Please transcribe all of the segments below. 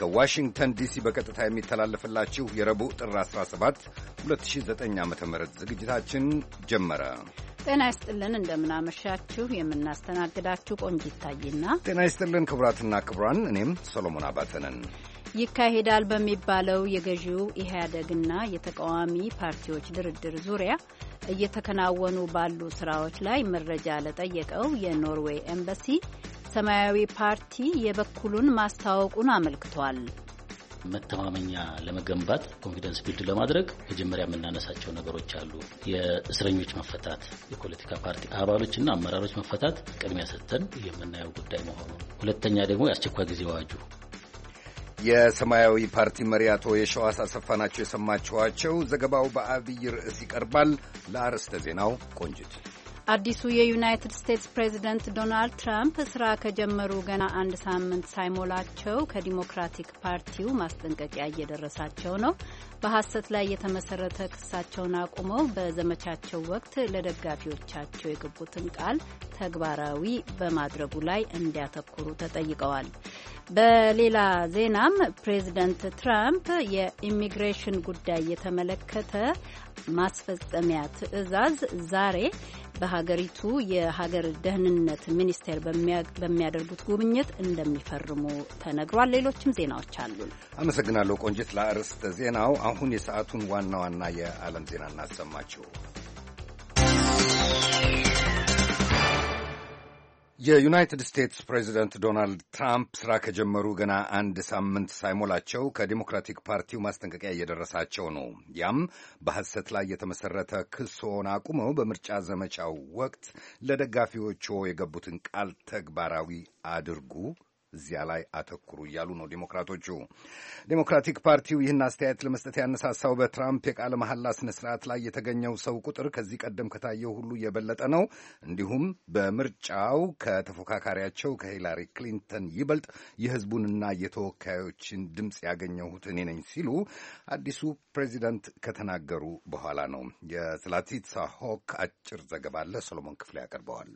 ከዋሽንግተን ዲሲ በቀጥታ የሚተላለፍላችሁ የረቡዕ ጥር 17 2009 ዓ ም ዝግጅታችን ጀመረ። ጤና ይስጥልን፣ እንደምናመሻችሁ። የምናስተናግዳችሁ ቆንጅ ይታይና፣ ጤና ይስጥልን ክቡራትና ክቡራን፣ እኔም ሰሎሞን አባተነን። ይካሄዳል በሚባለው የገዢው ኢህአደግና የተቃዋሚ ፓርቲዎች ድርድር ዙሪያ እየተከናወኑ ባሉ ስራዎች ላይ መረጃ ለጠየቀው የኖርዌይ ኤምባሲ ሰማያዊ ፓርቲ የበኩሉን ማስታወቁን አመልክቷል። መተማመኛ ለመገንባት ኮንፊደንስ ቢልድ ለማድረግ መጀመሪያ የምናነሳቸው ነገሮች አሉ። የእስረኞች መፈታት፣ የፖለቲካ ፓርቲ አባሎችና አመራሮች መፈታት ቅድሚያ ሰጥተን የምናየው ጉዳይ መሆኑ፣ ሁለተኛ ደግሞ የአስቸኳይ ጊዜ አዋጁ። የሰማያዊ ፓርቲ መሪ አቶ የሸዋስ አሰፋ ናቸው የሰማችኋቸው። ዘገባው በአብይ ርዕስ ይቀርባል። ለአርዕስተ ዜናው ቆንጅት አዲሱ የዩናይትድ ስቴትስ ፕሬዝደንት ዶናልድ ትራምፕ ስራ ከጀመሩ ገና አንድ ሳምንት ሳይሞላቸው ከዲሞክራቲክ ፓርቲው ማስጠንቀቂያ እየደረሳቸው ነው። በሐሰት ላይ የተመሰረተ ክሳቸውን አቁመው በዘመቻቸው ወቅት ለደጋፊዎቻቸው የገቡትን ቃል ተግባራዊ በማድረጉ ላይ እንዲያተኩሩ ተጠይቀዋል። በሌላ ዜናም ፕሬዝደንት ትራምፕ የኢሚግሬሽን ጉዳይ የተመለከተ ማስፈጸሚያ ትዕዛዝ ዛሬ በሀገሪቱ የሀገር ደህንነት ሚኒስቴር በሚያደርጉት ጉብኝት እንደሚፈርሙ ተነግሯል። ሌሎችም ዜናዎች አሉን። አመሰግናለሁ ቆንጅት ለአርዕስተ ዜናው። አሁን የሰዓቱን ዋና ዋና የዓለም ዜና እናሰማችሁ። የዩናይትድ ስቴትስ ፕሬዚደንት ዶናልድ ትራምፕ ሥራ ከጀመሩ ገና አንድ ሳምንት ሳይሞላቸው ከዲሞክራቲክ ፓርቲው ማስጠንቀቂያ እየደረሳቸው ነው። ያም በሐሰት ላይ የተመሠረተ ክሶን አቁመው በምርጫ ዘመቻው ወቅት ለደጋፊዎቹ የገቡትን ቃል ተግባራዊ አድርጉ እዚያ ላይ አተኩሩ እያሉ ነው ዴሞክራቶቹ። ዴሞክራቲክ ፓርቲው ይህን አስተያየት ለመስጠት ያነሳሳው በትራምፕ የቃለ መሐላ ስነ ስርዓት ላይ የተገኘው ሰው ቁጥር ከዚህ ቀደም ከታየው ሁሉ የበለጠ ነው፣ እንዲሁም በምርጫው ከተፎካካሪያቸው ከሂላሪ ክሊንተን ይበልጥ የህዝቡንና የተወካዮችን ድምፅ ያገኘሁት እኔ ነኝ ሲሉ አዲሱ ፕሬዚደንት ከተናገሩ በኋላ ነው። የስላቲትሳ ሆክ አጭር ዘገባ አለ፣ ሰሎሞን ክፍሌ ያቀርበዋል።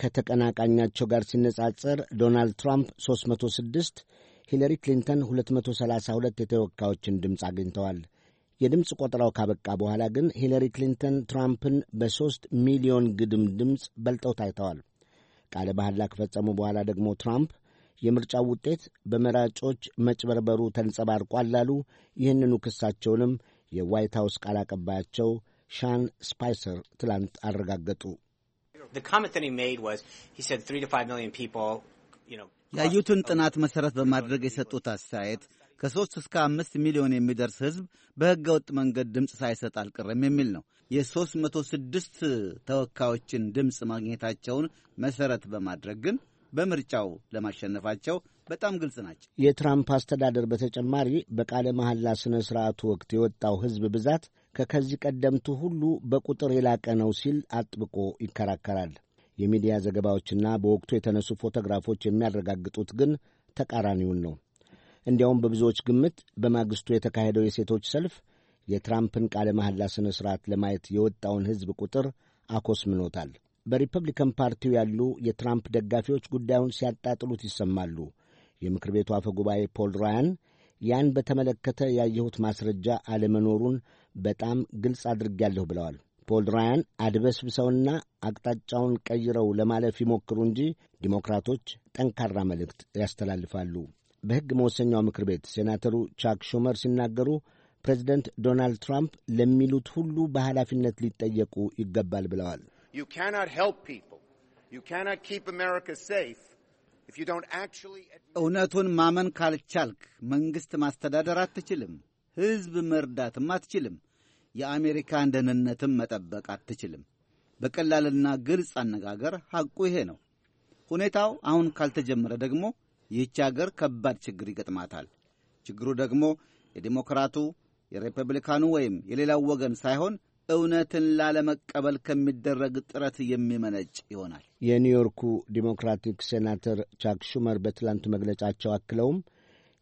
ከተቀናቃኛቸው ጋር ሲነጻጸር ዶናልድ ትራምፕ 306፣ ሂለሪ ክሊንተን 232 የተወካዮችን ድምፅ አግኝተዋል። የድምፅ ቆጠራው ካበቃ በኋላ ግን ሂለሪ ክሊንተን ትራምፕን በሦስት ሚሊዮን ግድም ድምፅ በልጠው ታይተዋል። ቃለ መሐላ ከፈጸሙ በኋላ ደግሞ ትራምፕ የምርጫው ውጤት በመራጮች መጭበርበሩ ተንጸባርቋል ላሉ ይህንኑ ክሳቸውንም የዋይት ሐውስ ቃል አቀባያቸው ሻን ስፓይሰር ትላንት አረጋገጡ። ያዩትን ጥናት መሰረት በማድረግ የሰጡት አስተያየት ከሦስት እስከ አምስት ሚሊዮን የሚደርስ ህዝብ በሕገ ወጥ መንገድ ድምፅ ሳይሰጥ አልቀረም የሚል ነው። የሦስት መቶ ስድስት ተወካዮችን ድምፅ ማግኘታቸውን መሰረት በማድረግ ግን በምርጫው ለማሸነፋቸው በጣም ግልጽ ናቸው። የትራምፕ አስተዳደር በተጨማሪ በቃለ መሐላ ሥነ ሥርዓቱ ወቅት የወጣው ሕዝብ ብዛት ከከዚህ ቀደምቱ ሁሉ በቁጥር የላቀ ነው ሲል አጥብቆ ይከራከራል። የሚዲያ ዘገባዎችና በወቅቱ የተነሱ ፎቶግራፎች የሚያረጋግጡት ግን ተቃራኒውን ነው። እንዲያውም በብዙዎች ግምት በማግስቱ የተካሄደው የሴቶች ሰልፍ የትራምፕን ቃለ መሐላ ሥነ ሥርዓት ለማየት የወጣውን ሕዝብ ቁጥር አኮስምኖታል። በሪፐብሊካን ፓርቲው ያሉ የትራምፕ ደጋፊዎች ጉዳዩን ሲያጣጥሉት ይሰማሉ። የምክር ቤቱ አፈ ጉባኤ ፖል ራያን ያን በተመለከተ ያየሁት ማስረጃ አለመኖሩን በጣም ግልጽ አድርጌያለሁ ብለዋል። ፖል ራያን አድበስብሰውና አቅጣጫውን ቀይረው ለማለፍ ይሞክሩ እንጂ ዲሞክራቶች ጠንካራ መልእክት ያስተላልፋሉ። በሕግ መወሰኛው ምክር ቤት ሴናተሩ ቻክ ሹመር ሲናገሩ ፕሬዚደንት ዶናልድ ትራምፕ ለሚሉት ሁሉ በኃላፊነት ሊጠየቁ ይገባል ብለዋል። እውነቱን ማመን ካልቻልክ መንግሥት ማስተዳደር አትችልም። ሕዝብ መርዳትም አትችልም። የአሜሪካን ደህንነትም መጠበቅ አትችልም። በቀላልና ግልጽ አነጋገር ሐቁ ይሄ ነው። ሁኔታው አሁን ካልተጀመረ ደግሞ ይህች አገር ከባድ ችግር ይገጥማታል። ችግሩ ደግሞ የዴሞክራቱ የሬፐብሊካኑ ወይም የሌላው ወገን ሳይሆን እውነትን ላለመቀበል ከሚደረግ ጥረት የሚመነጭ ይሆናል። የኒውዮርኩ ዲሞክራቲክ ሴናተር ቻክ ሹመር በትላንቱ መግለጫቸው አክለውም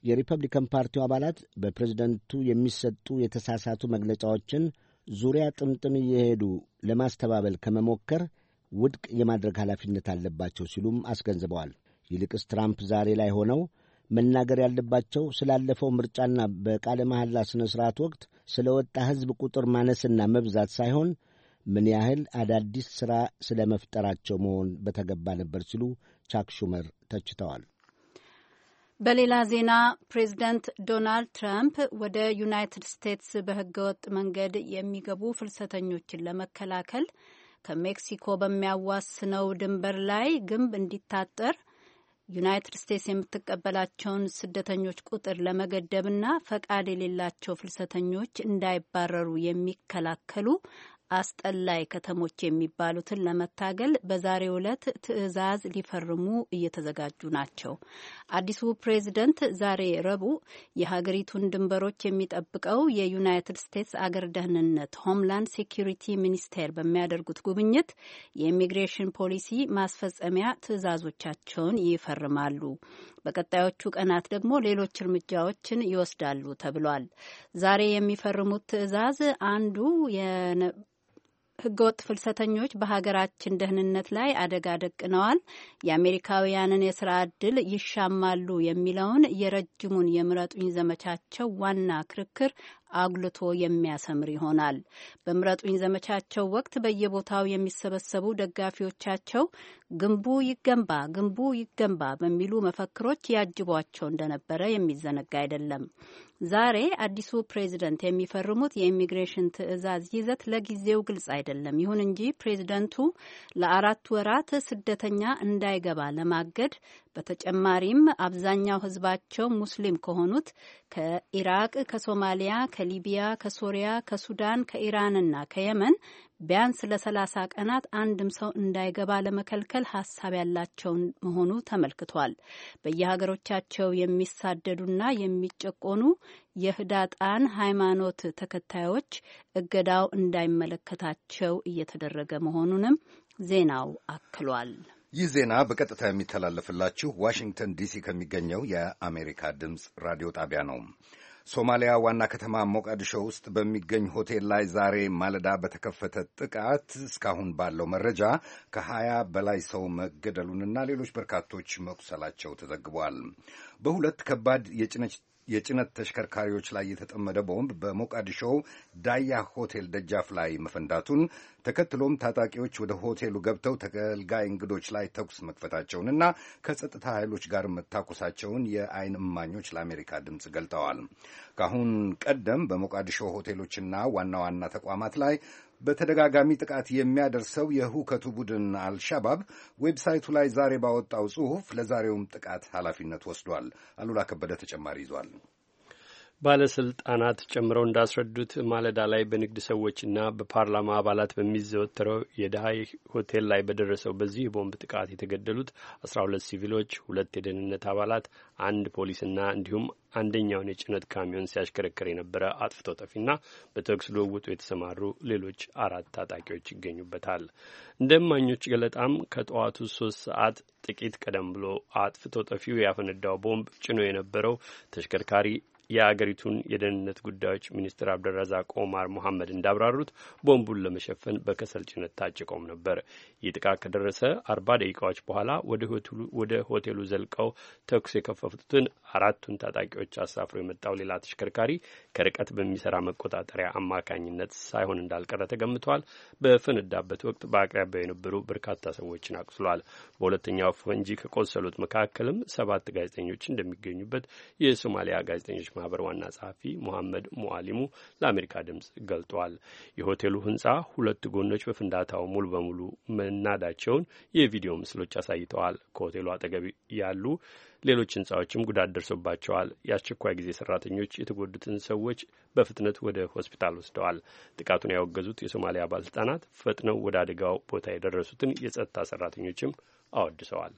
የሪፐብሊካን ፓርቲው አባላት በፕሬዝደንቱ የሚሰጡ የተሳሳቱ መግለጫዎችን ዙሪያ ጥምጥም እየሄዱ ለማስተባበል ከመሞከር ውድቅ የማድረግ ኃላፊነት አለባቸው ሲሉም አስገንዝበዋል። ይልቅስ ትራምፕ ዛሬ ላይ ሆነው መናገር ያለባቸው ስላለፈው ምርጫና በቃለ መሐላ ሥነ ሥርዓት ወቅት ስለ ወጣ ሕዝብ ቁጥር ማነስና መብዛት ሳይሆን ምን ያህል አዳዲስ ሥራ ስለ መፍጠራቸው መሆን በተገባ ነበር ሲሉ ቻክ ሹመር ተችተዋል። በሌላ ዜና ፕሬዚደንት ዶናልድ ትራምፕ ወደ ዩናይትድ ስቴትስ በህገወጥ መንገድ የሚገቡ ፍልሰተኞችን ለመከላከል ከሜክሲኮ በሚያዋስነው ድንበር ላይ ግንብ እንዲታጠር ዩናይትድ ስቴትስ የምትቀበላቸውን ስደተኞች ቁጥር ለመገደብና ፈቃድ የሌላቸው ፍልሰተኞች እንዳይባረሩ የሚከላከሉ አስጠላይ ከተሞች የሚባሉትን ለመታገል በዛሬው ዕለት ትዕዛዝ ሊፈርሙ እየተዘጋጁ ናቸው። አዲሱ ፕሬዝደንት ዛሬ ረቡዕ የሀገሪቱን ድንበሮች የሚጠብቀው የዩናይትድ ስቴትስ አገር ደህንነት ሆምላንድ ሴኪሪቲ ሚኒስቴር በሚያደርጉት ጉብኝት የኢሚግሬሽን ፖሊሲ ማስፈጸሚያ ትዕዛዞቻቸውን ይፈርማሉ። በቀጣዮቹ ቀናት ደግሞ ሌሎች እርምጃዎችን ይወስዳሉ ተብሏል። ዛሬ የሚፈርሙት ትዕዛዝ አንዱ ህገወጥ ፍልሰተኞች በሀገራችን ደህንነት ላይ አደጋ ደቅነዋል፣ የአሜሪካውያንን የስራ ዕድል ይሻማሉ የሚለውን የረጅሙን የምረጡኝ ዘመቻቸው ዋና ክርክር አጉልቶ የሚያሰምር ይሆናል። በምረጡኝ ዘመቻቸው ወቅት በየቦታው የሚሰበሰቡ ደጋፊዎቻቸው ግንቡ ይገንባ፣ ግንቡ ይገንባ በሚሉ መፈክሮች ያጅቧቸው እንደነበረ የሚዘነጋ አይደለም። ዛሬ አዲሱ ፕሬዝደንት የሚፈርሙት የኢሚግሬሽን ትዕዛዝ ይዘት ለጊዜው ግልጽ አይደለም። ይሁን እንጂ ፕሬዝደንቱ ለአራት ወራት ስደተኛ እንዳይገባ ለማገድ በተጨማሪም አብዛኛው ሕዝባቸው ሙስሊም ከሆኑት ከኢራቅ፣ ከሶማሊያ፣ ከሊቢያ፣ ከሶሪያ፣ ከሱዳን፣ ከኢራንና ከየመን ቢያንስ ለሰላሳ ቀናት አንድም ሰው እንዳይገባ ለመከልከል ሀሳብ ያላቸውን መሆኑ ተመልክቷል። በየሀገሮቻቸው የሚሳደዱና የሚጨቆኑ የህዳጣን ሃይማኖት ተከታዮች እገዳው እንዳይመለከታቸው እየተደረገ መሆኑንም ዜናው አክሏል። ይህ ዜና በቀጥታ የሚተላለፍላችሁ ዋሽንግተን ዲሲ ከሚገኘው የአሜሪካ ድምፅ ራዲዮ ጣቢያ ነው። ሶማሊያ ዋና ከተማ ሞቃዲሾ ውስጥ በሚገኝ ሆቴል ላይ ዛሬ ማለዳ በተከፈተ ጥቃት እስካሁን ባለው መረጃ ከሀያ በላይ ሰው መገደሉንና ሌሎች በርካቶች መቁሰላቸው ተዘግቧል። በሁለት ከባድ የጭነት የጭነት ተሽከርካሪዎች ላይ የተጠመደ ቦምብ በሞቃዲሾው ዳያ ሆቴል ደጃፍ ላይ መፈንዳቱን ተከትሎም ታጣቂዎች ወደ ሆቴሉ ገብተው ተገልጋይ እንግዶች ላይ ተኩስ መክፈታቸውንና ከጸጥታ ኃይሎች ጋር መታኮሳቸውን የአይን እማኞች ለአሜሪካ ድምፅ ገልጠዋል። ከአሁን ቀደም በሞቃዲሾ ሆቴሎችና ዋና ዋና ተቋማት ላይ በተደጋጋሚ ጥቃት የሚያደርሰው የሁከቱ ቡድን አልሻባብ ዌብሳይቱ ላይ ዛሬ ባወጣው ጽሑፍ ለዛሬውም ጥቃት ኃላፊነት ወስዷል። አሉላ ከበደ ተጨማሪ ይዟል። ባለስልጣናት ጨምረው እንዳስረዱት ማለዳ ላይ በንግድ ሰዎችና በፓርላማ አባላት በሚዘወተረው የደሀይ ሆቴል ላይ በደረሰው በዚህ የቦምብ ጥቃት የተገደሉት አስራ ሁለት ሲቪሎች፣ ሁለት የደህንነት አባላት፣ አንድ ፖሊስና እንዲሁም አንደኛውን የጭነት ካሚዮን ሲያሽከረከር የነበረ አጥፍቶ ጠፊና በተኩስ ልውውጡ የተሰማሩ ሌሎች አራት ታጣቂዎች ይገኙበታል። እንደ እማኞች ገለጣም ከጠዋቱ ሶስት ሰዓት ጥቂት ቀደም ብሎ አጥፍቶ ጠፊው ያፈነዳው ቦምብ ጭኖ የነበረው ተሽከርካሪ የአገሪቱን የደህንነት ጉዳዮች ሚኒስትር አብደልረዛቅ ኦማር ሙሐመድ እንዳብራሩት ቦምቡን ለመሸፈን በከሰል ጭነት ታጭቀውም ነበር። ይህ ጥቃት ከደረሰ አርባ ደቂቃዎች በኋላ ወደ ሆቴሉ ዘልቀው ተኩስ የከፈቱትን አራቱን ታጣቂዎች አሳፍሮ የመጣው ሌላ ተሽከርካሪ ከርቀት በሚሰራ መቆጣጠሪያ አማካኝነት ሳይሆን እንዳልቀረ ተገምተዋል። በፈነዳበት ወቅት በአቅራቢያው የነበሩ በርካታ ሰዎችን አቁስሏል። በሁለተኛው ፈንጂ ከቆሰሉት መካከልም ሰባት ጋዜጠኞች እንደሚገኙበት የሶማሊያ ጋዜጠኞች ማህበር ዋና ጸሐፊ ሞሐመድ ሙአሊሙ ለአሜሪካ ድምጽ ገልጧል። የሆቴሉ ህንጻ ሁለት ጎኖች በፍንዳታው ሙሉ በሙሉ መናዳቸውን የቪዲዮ ምስሎች አሳይተዋል። ከሆቴሉ አጠገብ ያሉ ሌሎች ህንጻዎችም ጉዳት ደርሶባቸዋል። የአስቸኳይ ጊዜ ሰራተኞች የተጎዱትን ሰዎች በፍጥነት ወደ ሆስፒታል ወስደዋል። ጥቃቱን ያወገዙት የሶማሊያ ባለስልጣናት ፈጥነው ወደ አደጋው ቦታ የደረሱትን የጸጥታ ሰራተኞችም አወድሰዋል።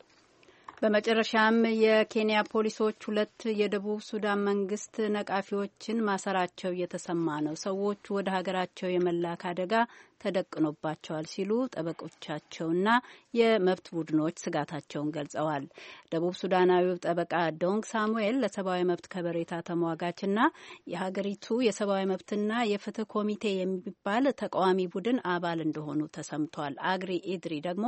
በመጨረሻም የኬንያ ፖሊሶች ሁለት የደቡብ ሱዳን መንግስት ነቃፊዎችን ማሰራቸው እየተሰማ ነው። ሰዎቹ ወደ ሀገራቸው የመላክ አደጋ ተደቅኖባቸዋል ሲሉ ጠበቆቻቸውና የመብት ቡድኖች ስጋታቸውን ገልጸዋል። ደቡብ ሱዳናዊው ጠበቃ ዶንግ ሳሙኤል ለሰብአዊ መብት ከበሬታ ተሟጋችና የሀገሪቱ የሰብአዊ መብትና የፍትህ ኮሚቴ የሚባል ተቃዋሚ ቡድን አባል እንደሆኑ ተሰምቷል። አግሪ ኢድሪ ደግሞ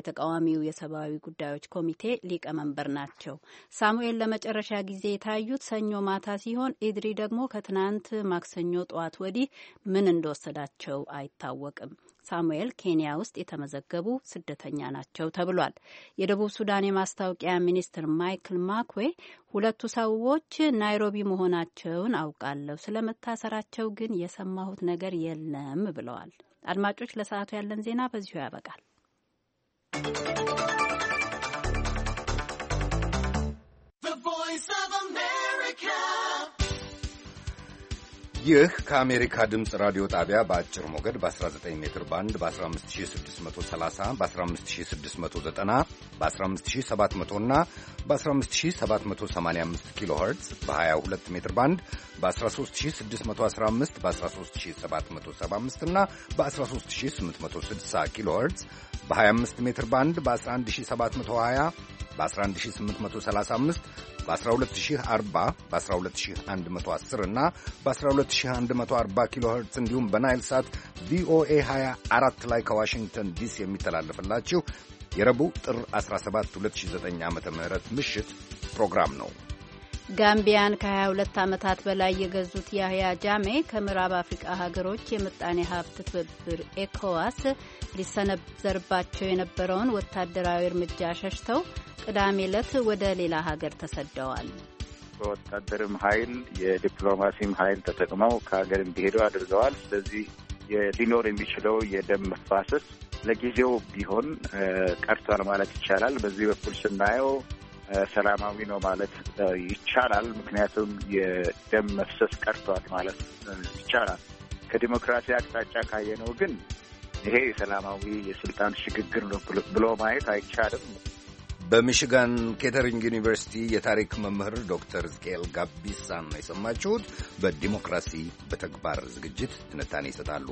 የተቃዋሚው የሰብአዊ ጉዳዮች ኮሚቴ ሊቀመንበር ናቸው። ሳሙኤል ለመጨረሻ ጊዜ የታዩት ሰኞ ማታ ሲሆን ኢድሪ ደግሞ ከትናንት ማክሰኞ ጠዋት ወዲህ ምን እንደወሰዳቸው አይታወቅም። ሳሙኤል ኬንያ ውስጥ የተመዘገቡ ስደተኛ ናቸው ተብሏል። የደቡብ ሱዳን የማስታወቂያ ሚኒስትር ማይክል ማክዌ ሁለቱ ሰዎች ናይሮቢ መሆናቸውን አውቃለሁ፣ ስለመታሰራቸው ግን የሰማሁት ነገር የለም ብለዋል። አድማጮች፣ ለሰዓቱ ያለን ዜና በዚሁ ያበቃል። ይህ ከአሜሪካ ድምፅ ራዲዮ ጣቢያ በአጭር ሞገድ በ19 ሜትር ባንድ በ15630 በ15690 በ15700 እና በ15785 ኪሎ ኸርትዝ በ22 ሜትር ባንድ በ13615 በ13775 እና በ13860 ኪሎ ኸርትዝ በ25 ሜትር ባንድ በ11720 በ11835 በ12040 በ12110 እና በ12140 ኪሎ ኸርትዝ እንዲሁም በናይል ሳት ቪኦኤ 24 ላይ ከዋሽንግተን ዲሲ የሚተላለፍላችሁ የረቡዕ ጥር 17 2009 ዓ ም ምሽት ፕሮግራም ነው። ጋምቢያን ከ22 ዓመታት በላይ የገዙት ያህያ ጃሜ ከምዕራብ አፍሪቃ ሀገሮች የምጣኔ ሀብት ትብብር ኤኮዋስ ሊሰነዘርባቸው የነበረውን ወታደራዊ እርምጃ ሸሽተው ቅዳሜ ዕለት ወደ ሌላ ሀገር ተሰደዋል። በወታደርም ኃይል የዲፕሎማሲም ኃይል ተጠቅመው ከሀገር እንዲሄዱ አድርገዋል። ስለዚህ ሊኖር የሚችለው የደም መፋሰስ ለጊዜው ቢሆን ቀርቷል ማለት ይቻላል። በዚህ በኩል ስናየው ሰላማዊ ነው ማለት ይቻላል። ምክንያቱም የደም መፍሰስ ቀርቷል ማለት ይቻላል። ከዲሞክራሲ አቅጣጫ ካየነው ግን ይሄ የሰላማዊ የስልጣን ሽግግር ነው ብሎ ማየት አይቻልም። በሚሽጋን ኬተሪንግ ዩኒቨርሲቲ የታሪክ መምህር ዶክተር ዝቅኤል ጋቢሳን የሰማችሁት። በዲሞክራሲ በተግባር ዝግጅት ትንታኔ ይሰጣሉ።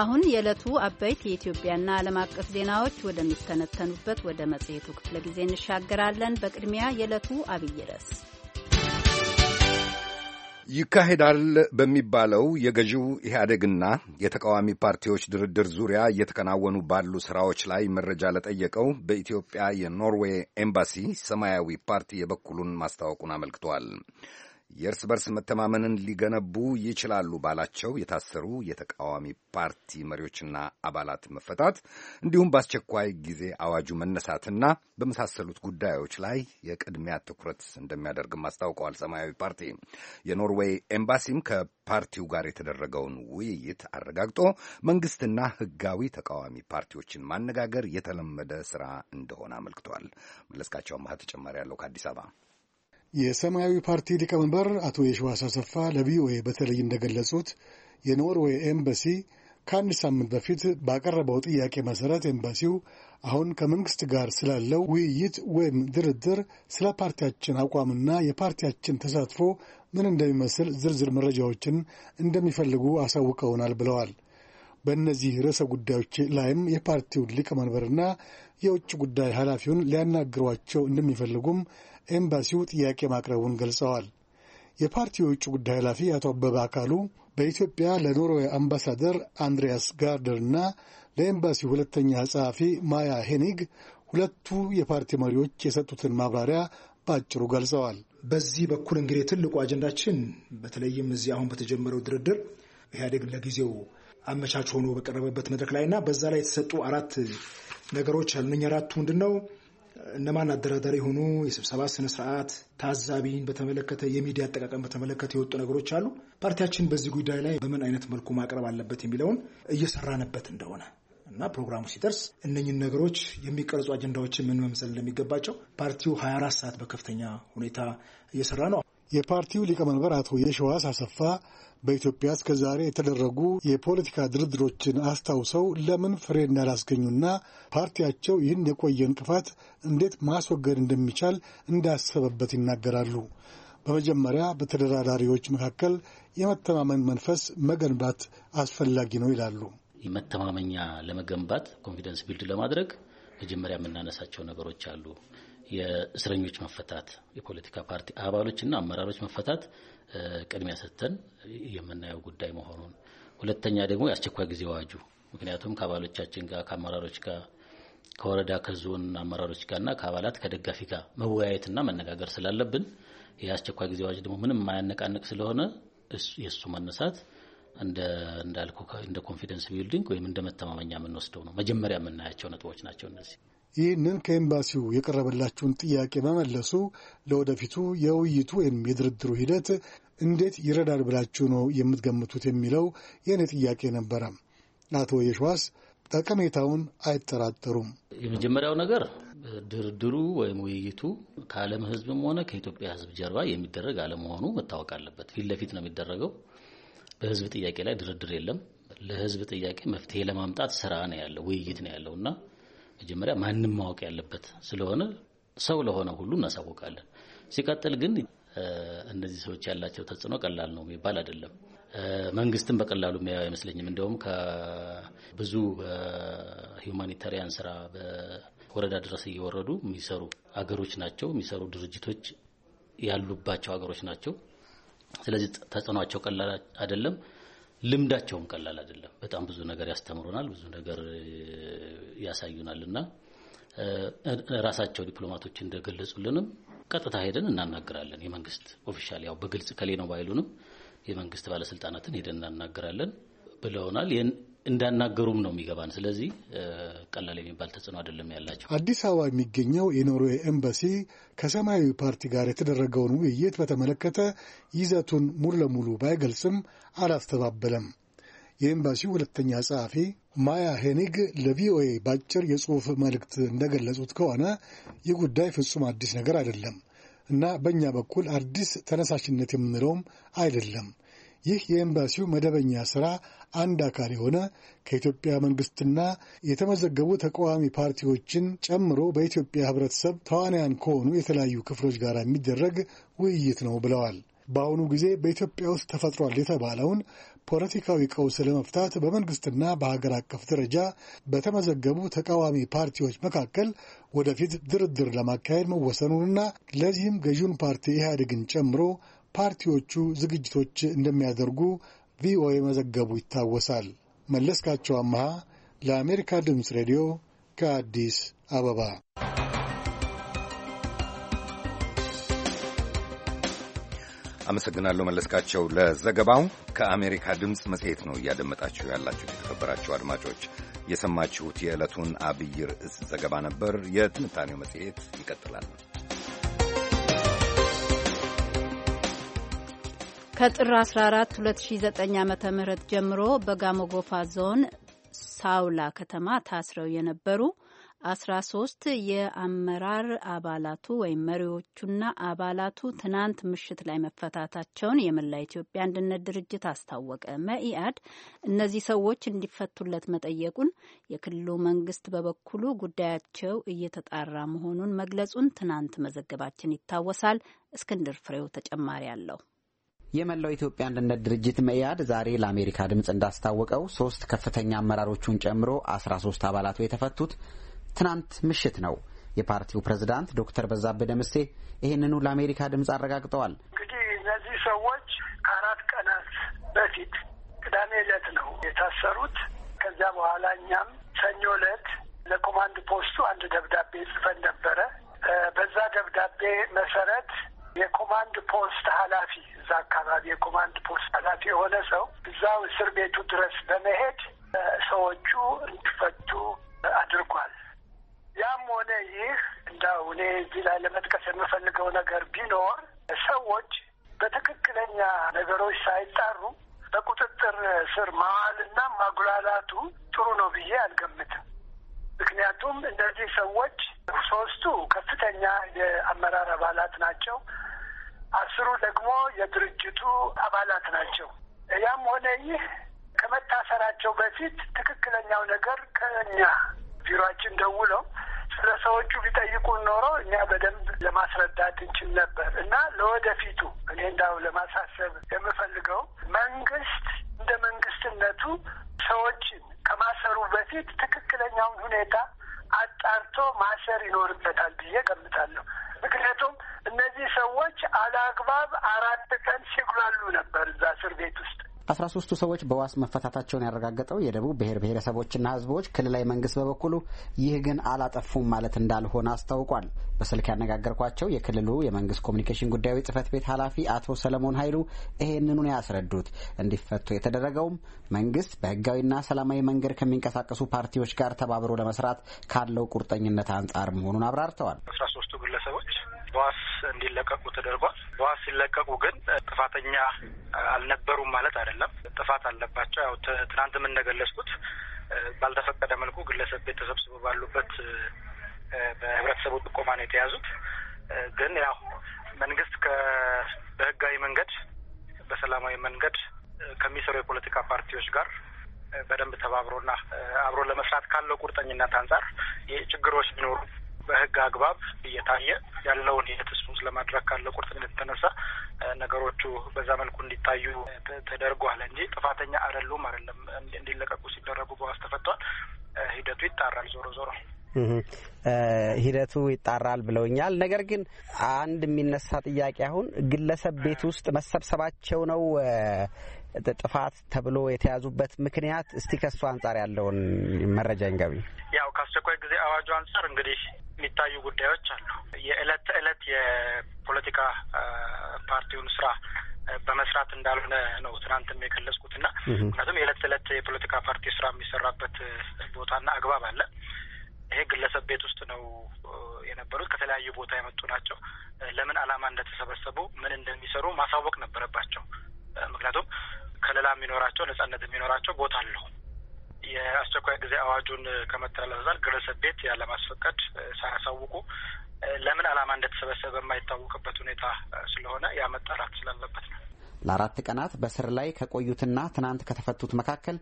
አሁን የዕለቱ አበይት የኢትዮጵያና ዓለም አቀፍ ዜናዎች ወደሚተነተኑበት ወደ መጽሔቱ ክፍለ ጊዜ እንሻገራለን። በቅድሚያ የዕለቱ አብይ ርዕስ ይካሄዳል በሚባለው የገዢው ኢህአዴግና የተቃዋሚ ፓርቲዎች ድርድር ዙሪያ እየተከናወኑ ባሉ ስራዎች ላይ መረጃ ለጠየቀው በኢትዮጵያ የኖርዌይ ኤምባሲ ሰማያዊ ፓርቲ የበኩሉን ማስታወቁን አመልክቷል። የእርስ በርስ መተማመንን ሊገነቡ ይችላሉ ባላቸው የታሰሩ የተቃዋሚ ፓርቲ መሪዎችና አባላት መፈታት እንዲሁም በአስቸኳይ ጊዜ አዋጁ መነሳትና በመሳሰሉት ጉዳዮች ላይ የቅድሚያ ትኩረት እንደሚያደርግም አስታውቀዋል። ሰማያዊ ፓርቲ የኖርዌይ ኤምባሲም ከፓርቲው ጋር የተደረገውን ውይይት አረጋግጦ መንግስትና ህጋዊ ተቃዋሚ ፓርቲዎችን ማነጋገር የተለመደ ስራ እንደሆነ አመልክቷል። መለስካቸው አማሃ ተጨማሪ ያለው ከአዲስ አበባ የሰማያዊ ፓርቲ ሊቀመንበር አቶ የሸዋስ አሰፋ ለቪኦኤ በተለይ እንደገለጹት የኖርዌይ ኤምባሲ ከአንድ ሳምንት በፊት ባቀረበው ጥያቄ መሠረት ኤምባሲው አሁን ከመንግሥት ጋር ስላለው ውይይት ወይም ድርድር ስለ ፓርቲያችን አቋምና የፓርቲያችን ተሳትፎ ምን እንደሚመስል ዝርዝር መረጃዎችን እንደሚፈልጉ አሳውቀውናል ብለዋል። በእነዚህ ርዕሰ ጉዳዮች ላይም የፓርቲውን ሊቀመንበርና የውጭ ጉዳይ ኃላፊውን ሊያናግሯቸው እንደሚፈልጉም ኤምባሲው ጥያቄ ማቅረቡን ገልጸዋል። የፓርቲው የውጭ ጉዳይ ኃላፊ አቶ አበበ አካሉ በኢትዮጵያ ለኖርዌይ አምባሳደር አንድሪያስ ጋርደር እና ለኤምባሲ ሁለተኛ ጸሐፊ ማያ ሄኒግ ሁለቱ የፓርቲ መሪዎች የሰጡትን ማብራሪያ በአጭሩ ገልጸዋል። በዚህ በኩል እንግዲህ ትልቁ አጀንዳችን በተለይም እዚህ አሁን በተጀመረው ድርድር ኢህአዴግ ለጊዜው አመቻች ሆኖ በቀረበበት መድረክ ላይ እና በዛ ላይ የተሰጡ አራት ነገሮች አሉ። እነኚህ አራቱ ምንድን ነው? እነማን አደራዳሪ የሆኑ የስብሰባ ስነስርዓት ታዛቢን በተመለከተ የሚዲያ አጠቃቀም በተመለከተ የወጡ ነገሮች አሉ። ፓርቲያችን በዚህ ጉዳይ ላይ በምን አይነት መልኩ ማቅረብ አለበት የሚለውን እየሰራንበት እንደሆነ እና ፕሮግራሙ ሲደርስ እነኝን ነገሮች የሚቀርጹ አጀንዳዎችን ምን መምሰል እንደሚገባቸው ፓርቲው 24 ሰዓት በከፍተኛ ሁኔታ እየሰራ ነው። የፓርቲው ሊቀመንበር አቶ የሸዋስ አሰፋ በኢትዮጵያ እስከ ዛሬ የተደረጉ የፖለቲካ ድርድሮችን አስታውሰው ለምን ፍሬ እንዳላስገኙና ፓርቲያቸው ይህን የቆየ እንቅፋት እንዴት ማስወገድ እንደሚቻል እንዳሰበበት ይናገራሉ። በመጀመሪያ በተደራዳሪዎች መካከል የመተማመን መንፈስ መገንባት አስፈላጊ ነው ይላሉ። መተማመኛ ለመገንባት ኮንፊደንስ ቢልድ ለማድረግ መጀመሪያ የምናነሳቸው ነገሮች አሉ። የእስረኞች መፈታት፣ የፖለቲካ ፓርቲ አባሎችና አመራሮች መፈታት ቅድሚያ ሰጥተን የምናየው ጉዳይ መሆኑን፣ ሁለተኛ ደግሞ የአስቸኳይ ጊዜ አዋጁ ምክንያቱም ከአባሎቻችን ጋር ከአመራሮች ጋር ከወረዳ ከዞን አመራሮች ጋርና ከአባላት ከደጋፊ ጋር መወያየትና መነጋገር ስላለብን የአስቸኳይ ጊዜ አዋጅ ደግሞ ምንም የማያነቃንቅ ስለሆነ የእሱ መነሳት እንዳልኩ እንደ ኮንፊደንስ ቢልዲንግ ወይም እንደ መተማመኛ የምንወስደው ነው። መጀመሪያ የምናያቸው ነጥቦች ናቸው እነዚህ። ይህንን ከኤምባሲው የቀረበላችሁን ጥያቄ መመለሱ ለወደፊቱ የውይይቱ ወይም የድርድሩ ሂደት እንዴት ይረዳል ብላችሁ ነው የምትገምቱት የሚለው የእኔ ጥያቄ ነበረ። አቶ የሸዋስ ጠቀሜታውን አይጠራጠሩም። የመጀመሪያው ነገር ድርድሩ ወይም ውይይቱ ከዓለም ሕዝብም ሆነ ከኢትዮጵያ ሕዝብ ጀርባ የሚደረግ አለመሆኑ መታወቅ አለበት። ፊት ለፊት ነው የሚደረገው። በሕዝብ ጥያቄ ላይ ድርድር የለም። ለሕዝብ ጥያቄ መፍትሄ ለማምጣት ስራ ነው ያለው፣ ውይይት ነው ያለው እና መጀመሪያ ማንም ማወቅ ያለበት ስለሆነ ሰው ለሆነ ሁሉ እናሳውቃለን። ሲቀጥል ግን እነዚህ ሰዎች ያላቸው ተጽዕኖ ቀላል ነው የሚባል አይደለም። መንግስትም በቀላሉ የሚያየው አይመስለኝም። እንዲሁም ከብዙ በሂውማኒታሪያን ስራ በወረዳ ድረስ እየወረዱ የሚሰሩ አገሮች ናቸው የሚሰሩ ድርጅቶች ያሉባቸው አገሮች ናቸው። ስለዚህ ተጽዕኖቸው ቀላል አይደለም። ልምዳቸውም ቀላል አይደለም። በጣም ብዙ ነገር ያስተምሩናል፣ ብዙ ነገር ያሳዩናል እና ራሳቸው ዲፕሎማቶች እንደገለጹልንም ቀጥታ ሄደን እናናግራለን። የመንግስት ኦፊሻል ያው በግልጽ ከሌ ነው ባይሉንም የመንግስት ባለስልጣናትን ሄደን እናናግራለን ብለውናል። እንዳናገሩም ነው የሚገባን። ስለዚህ ቀላል የሚባል ተጽዕኖ አይደለም ያላቸው። አዲስ አበባ የሚገኘው የኖርዌይ ኤምባሲ ከሰማያዊ ፓርቲ ጋር የተደረገውን ውይይት በተመለከተ ይዘቱን ሙሉ ለሙሉ ባይገልጽም አላስተባበለም። የኤምባሲው ሁለተኛ ጸሐፊ ማያ ሄኒግ ለቪኦኤ በአጭር የጽሑፍ መልእክት እንደገለጹት ከሆነ ይህ ጉዳይ ፍጹም አዲስ ነገር አይደለም እና በእኛ በኩል አዲስ ተነሳሽነት የምንለውም አይደለም ይህ የኤምባሲው መደበኛ ስራ አንድ አካል የሆነ ከኢትዮጵያ መንግስትና የተመዘገቡ ተቃዋሚ ፓርቲዎችን ጨምሮ በኢትዮጵያ ህብረተሰብ ተዋንያን ከሆኑ የተለያዩ ክፍሎች ጋር የሚደረግ ውይይት ነው ብለዋል። በአሁኑ ጊዜ በኢትዮጵያ ውስጥ ተፈጥሯል የተባለውን ፖለቲካዊ ቀውስ ለመፍታት በመንግስትና በሀገር አቀፍ ደረጃ በተመዘገቡ ተቃዋሚ ፓርቲዎች መካከል ወደፊት ድርድር ለማካሄድ መወሰኑንና ለዚህም ገዢውን ፓርቲ ኢህአዴግን ጨምሮ ፓርቲዎቹ ዝግጅቶች እንደሚያደርጉ ቪኦኤ መዘገቡ ይታወሳል። መለስካቸው አመሃ ለአሜሪካ ድምፅ ሬዲዮ ከአዲስ አበባ አመሰግናለሁ መለስካቸው ለዘገባው። ከአሜሪካ ድምፅ መጽሔት ነው እያደመጣችሁ ያላችሁ። የተከበራችሁ አድማጮች የሰማችሁት የዕለቱን አብይ ርዕስ ዘገባ ነበር። የትንታኔው መጽሔት ይቀጥላል። ከጥር 14 2009 ዓ ም ጀምሮ በጋሞጎፋ ዞን ሳውላ ከተማ ታስረው የነበሩ 13 የአመራር አባላቱ ወይም መሪዎቹና አባላቱ ትናንት ምሽት ላይ መፈታታቸውን የመላ ኢትዮጵያ አንድነት ድርጅት አስታወቀ። መኢአድ እነዚህ ሰዎች እንዲፈቱለት መጠየቁን፣ የክልሉ መንግስት በበኩሉ ጉዳያቸው እየተጣራ መሆኑን መግለጹን ትናንት መዘገባችን ይታወሳል። እስክንድር ፍሬው ተጨማሪ አለው። የመላው ኢትዮጵያ አንድነት ድርጅት መኢአድ ዛሬ ለአሜሪካ ድምፅ እንዳስታወቀው ሶስት ከፍተኛ አመራሮቹን ጨምሮ 13 አባላቱ የተፈቱት ትናንት ምሽት ነው። የፓርቲው ፕሬዝዳንት ዶክተር በዛብህ ደምሴ ይህንኑ ለአሜሪካ ድምፅ አረጋግጠዋል። እንግዲህ እነዚህ ሰዎች ከአራት ቀናት በፊት ቅዳሜ ዕለት ነው የታሰሩት። ከዚያ በኋላ እኛም ሰኞ ዕለት ለኮማንድ ፖስቱ አንድ ደብዳቤ ጽፈን ነበረ። በዛ ደብዳቤ መሰረት የኮማንድ ፖስት ኃላፊ እዛ አካባቢ የኮማንድ ፖስት ኃላፊ የሆነ ሰው እዛው እስር ቤቱ ድረስ በመሄድ ሰዎቹ እንዲፈቱ አድርጓል። ያም ሆነ ይህ እንዳው እኔ እዚህ ላይ ለመጥቀስ የምፈልገው ነገር ቢኖር ሰዎች በትክክለኛ ነገሮች ሳይጣሩ በቁጥጥር ስር ማዋልና ማጉላላቱ ጥሩ ነው ብዬ አልገምትም። ምክንያቱም እነዚህ ሰዎች ሶስቱ ከፍተኛ የአመራር አባላት ናቸው። አስሩ ደግሞ የድርጅቱ አባላት ናቸው። ያም ሆነ ይህ ከመታሰራቸው በፊት ትክክለኛው ነገር ከእኛ ቢሮችን ደውለው ስለ ሰዎቹ ቢጠይቁን ኖሮ እኛ በደንብ ለማስረዳት እንችል ነበር እና ለወደፊቱ እኔ እንዳው ለማሳሰብ የምፈልገው መንግስት እንደ መንግስትነቱ ሰዎችን ከማሰሩ በፊት ትክክለኛውን ሁኔታ አጣርቶ ማሰር ይኖርበታል ብዬ ገምታለሁ። ምክንያቱም እነዚህ ሰዎች አለአግባብ አራት ቀን ሲጉላሉ ነበር እዛ እስር ቤት ውስጥ አስራ ሶስቱ ሰዎች በዋስ መፈታታቸውን ያረጋገጠው የደቡብ ብሔር ብሔረሰቦችና ህዝቦች ክልላዊ መንግስት በበኩሉ ይህ ግን አላጠፉም ማለት እንዳልሆነ አስታውቋል። በስልክ ያነጋገርኳቸው የክልሉ የመንግስት ኮሚኒኬሽን ጉዳዮች ጽህፈት ቤት ኃላፊ አቶ ሰለሞን ኃይሉ ነው ያስረዱት እንዲፈቱ የተደረገውም መንግስት በህጋዊና ሰላማዊ መንገድ ከሚንቀሳቀሱ ፓርቲዎች ጋር ተባብሮ ለመስራት ካለው ቁርጠኝነት አንጻር መሆኑን አብራርተዋል። አስራ ሶስቱ ግለሰቦች በዋስ እንዲለቀቁ ተደርጓል። በዋስ ሲለቀቁ ግን ጥፋተኛ አልነበሩም ማለት አይደለም። ጥፋት አለባቸው። ያው ትናንትም እንደገለጽኩት ባልተፈቀደ መልኩ ግለሰብ ቤት ተሰብስቦ ባሉበት በህብረተሰቡ ጥቆማ ነው የተያዙት። ግን ያው መንግስት በህጋዊ መንገድ በሰላማዊ መንገድ ከሚሰሩ የፖለቲካ ፓርቲዎች ጋር በደንብ ተባብሮና አብሮ ለመስራት ካለው ቁርጠኝነት አንጻር ችግሮች ቢኖሩ በህግ አግባብ እየታየ ያለውን ሂደት ለማድረግ ካለ ቁርጠኝነት የተነሳ ነገሮቹ በዛ መልኩ እንዲታዩ ተደርጓል እንጂ ጥፋተኛ አይደሉም አይደለም እንዲለቀቁ ሲደረጉ በዋስ ተፈቷል። ሂደቱ ይጣራል። ዞሮ ዞሮ ሂደቱ ይጣራል ብለውኛል። ነገር ግን አንድ የሚነሳ ጥያቄ አሁን ግለሰብ ቤት ውስጥ መሰብሰባቸው ነው ጥፋት ተብሎ የተያዙበት ምክንያት። እስቲ ከሱ አንጻር ያለውን መረጃ ይንገቢ። ያው ከአስቸኳይ ጊዜ አዋጁ አንጻር እንግዲህ የሚታዩ ጉዳዮች አሉ። የእለት ተእለት የፖለቲካ ፓርቲውን ስራ በመስራት እንዳልሆነ ነው ትናንትም የገለጽኩትና ምክንያቱም የእለት ተእለት የፖለቲካ ፓርቲ ስራ የሚሰራበት ቦታና አግባብ አለ። ይሄ ግለሰብ ቤት ውስጥ ነው የነበሩት። ከተለያዩ ቦታ የመጡ ናቸው። ለምን አላማ እንደተሰበሰቡ ምን እንደሚሰሩ ማሳወቅ ነበረባቸው። ምክንያቱም ከሌላ የሚኖራቸው ነጻነት የሚኖራቸው ቦታ አለው። የአስቸኳይ ጊዜ አዋጁን ከመተላለፍ ግለሰብ ቤት ያለማስፈቀድ ሳያሳውቁ ለምን ዓላማ እንደተሰበሰበ የማይታወቅበት ሁኔታ ስለሆነ ያ መጣራት ስላለበት ነው። ለአራት ቀናት በስር ላይ ከቆዩትና ትናንት ከተፈቱት መካከል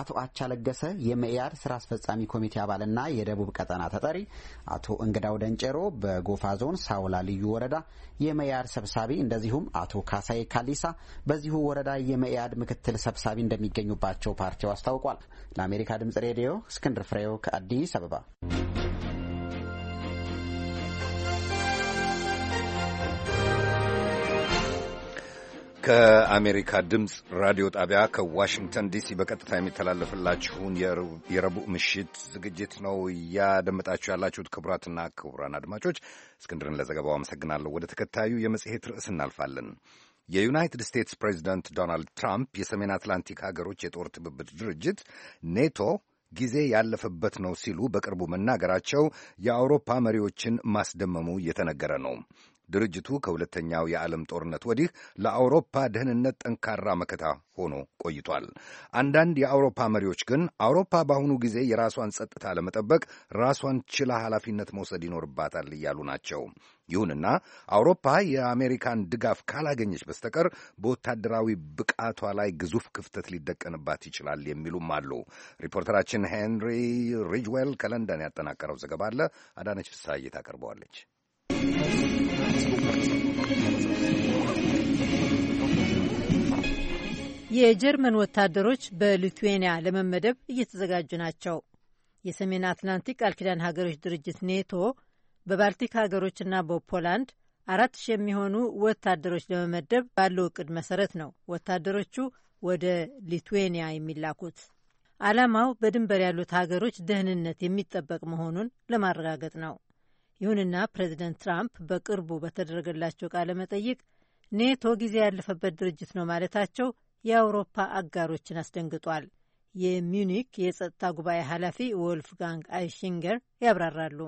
አቶ አቻ ለገሰ የመኢአድ ስራ አስፈጻሚ ኮሚቴ አባልና የደቡብ ቀጠና ተጠሪ፣ አቶ እንግዳው ደንጨሮ በጎፋ ዞን ሳውላ ልዩ ወረዳ የመኢአድ ሰብሳቢ፣ እንደዚሁም አቶ ካሳይ ካሊሳ በዚሁ ወረዳ የመኢአድ ምክትል ሰብሳቢ እንደሚገኙባቸው ፓርቲው አስታውቋል። ለአሜሪካ ድምጽ ሬዲዮ እስክንድር ፍሬው ከአዲስ አበባ ከአሜሪካ ድምፅ ራዲዮ ጣቢያ ከዋሽንግተን ዲሲ በቀጥታ የሚተላለፍላችሁን የረቡዕ ምሽት ዝግጅት ነው እያደመጣችሁ ያላችሁት። ክቡራትና ክቡራን አድማጮች እስክንድርን ለዘገባው አመሰግናለሁ። ወደ ተከታዩ የመጽሔት ርዕስ እናልፋለን። የዩናይትድ ስቴትስ ፕሬዚደንት ዶናልድ ትራምፕ የሰሜን አትላንቲክ ሀገሮች የጦር ትብብር ድርጅት ኔቶ ጊዜ ያለፈበት ነው ሲሉ በቅርቡ መናገራቸው የአውሮፓ መሪዎችን ማስደመሙ እየተነገረ ነው። ድርጅቱ ከሁለተኛው የዓለም ጦርነት ወዲህ ለአውሮፓ ደህንነት ጠንካራ መከታ ሆኖ ቆይቷል። አንዳንድ የአውሮፓ መሪዎች ግን አውሮፓ በአሁኑ ጊዜ የራሷን ጸጥታ ለመጠበቅ ራሷን ችላ ኃላፊነት መውሰድ ይኖርባታል እያሉ ናቸው። ይሁንና አውሮፓ የአሜሪካን ድጋፍ ካላገኘች በስተቀር በወታደራዊ ብቃቷ ላይ ግዙፍ ክፍተት ሊደቀንባት ይችላል የሚሉም አሉ። ሪፖርተራችን ሄንሪ ሪጅዌል ከለንደን ያጠናቀረው ዘገባ አለ። አዳነች ፍስሐዬ ታቀርበዋለች። የጀርመን ወታደሮች በሊቱዌኒያ ለመመደብ እየተዘጋጁ ናቸው። የሰሜን አትላንቲክ ቃል ኪዳን ሀገሮች ድርጅት ኔቶ በባልቲክ ሀገሮችና በፖላንድ አራት ሺህ የሚሆኑ ወታደሮች ለመመደብ ባለው እቅድ መሰረት ነው ወታደሮቹ ወደ ሊቱዌኒያ የሚላኩት። ዓላማው በድንበር ያሉት ሀገሮች ደህንነት የሚጠበቅ መሆኑን ለማረጋገጥ ነው። ይሁንና ፕሬዚደንት ትራምፕ በቅርቡ በተደረገላቸው ቃለ መጠይቅ ኔቶ ጊዜ ያለፈበት ድርጅት ነው ማለታቸው የአውሮፓ አጋሮችን አስደንግጧል። የሚዩኒክ የጸጥታ ጉባኤ ኃላፊ ወልፍጋንግ አይሽንገር ያብራራሉ።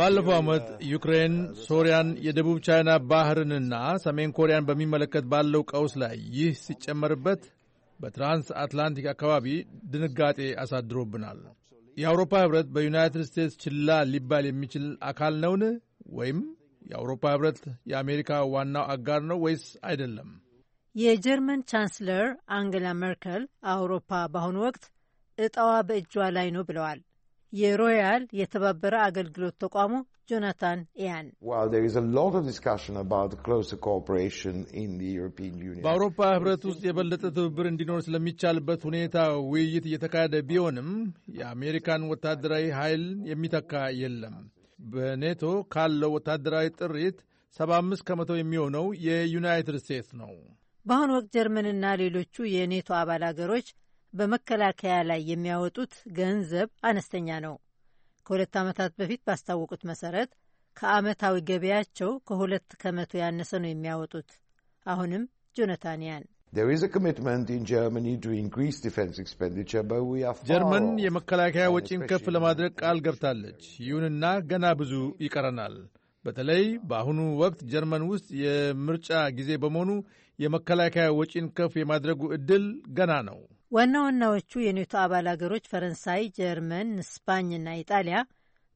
ባለፈው ዓመት ዩክሬን፣ ሶሪያን፣ የደቡብ ቻይና ባህርንና ሰሜን ኮሪያን በሚመለከት ባለው ቀውስ ላይ ይህ ሲጨመርበት በትራንስ አትላንቲክ አካባቢ ድንጋጤ አሳድሮብናል። የአውሮፓ ህብረት በዩናይትድ ስቴትስ ችላ ሊባል የሚችል አካል ነውን? ወይም የአውሮፓ ህብረት የአሜሪካ ዋናው አጋር ነው ወይስ አይደለም? የጀርመን ቻንስለር አንገላ መርከል አውሮፓ በአሁኑ ወቅት እጣዋ በእጇ ላይ ነው ብለዋል። የሮያል የተባበረ አገልግሎት ተቋሙ ጆናታን ኢያን በአውሮፓ ህብረት ውስጥ የበለጠ ትብብር እንዲኖር ስለሚቻልበት ሁኔታ ውይይት እየተካሄደ ቢሆንም የአሜሪካን ወታደራዊ ኃይል የሚተካ የለም። በኔቶ ካለው ወታደራዊ ጥሪት 75 ከመቶ የሚሆነው የዩናይትድ ስቴትስ ነው። በአሁኑ ወቅት ጀርመንና ሌሎቹ የኔቶ አባል አገሮች በመከላከያ ላይ የሚያወጡት ገንዘብ አነስተኛ ነው። ከሁለት ዓመታት በፊት ባስታወቁት መሰረት ከዓመታዊ ገቢያቸው ከሁለት ከመቶ ያነሰ ነው የሚያወጡት። አሁንም ጆነታን ያን ጀርመን የመከላከያ ወጪን ከፍ ለማድረግ ቃል ገብታለች። ይሁንና ገና ብዙ ይቀረናል። በተለይ በአሁኑ ወቅት ጀርመን ውስጥ የምርጫ ጊዜ በመሆኑ የመከላከያ ወጪን ከፍ የማድረጉ ዕድል ገና ነው። ዋና ዋናዎቹ የኔቶ አባል አገሮች ፈረንሳይ፣ ጀርመን፣ ስፓኝና ኢጣሊያ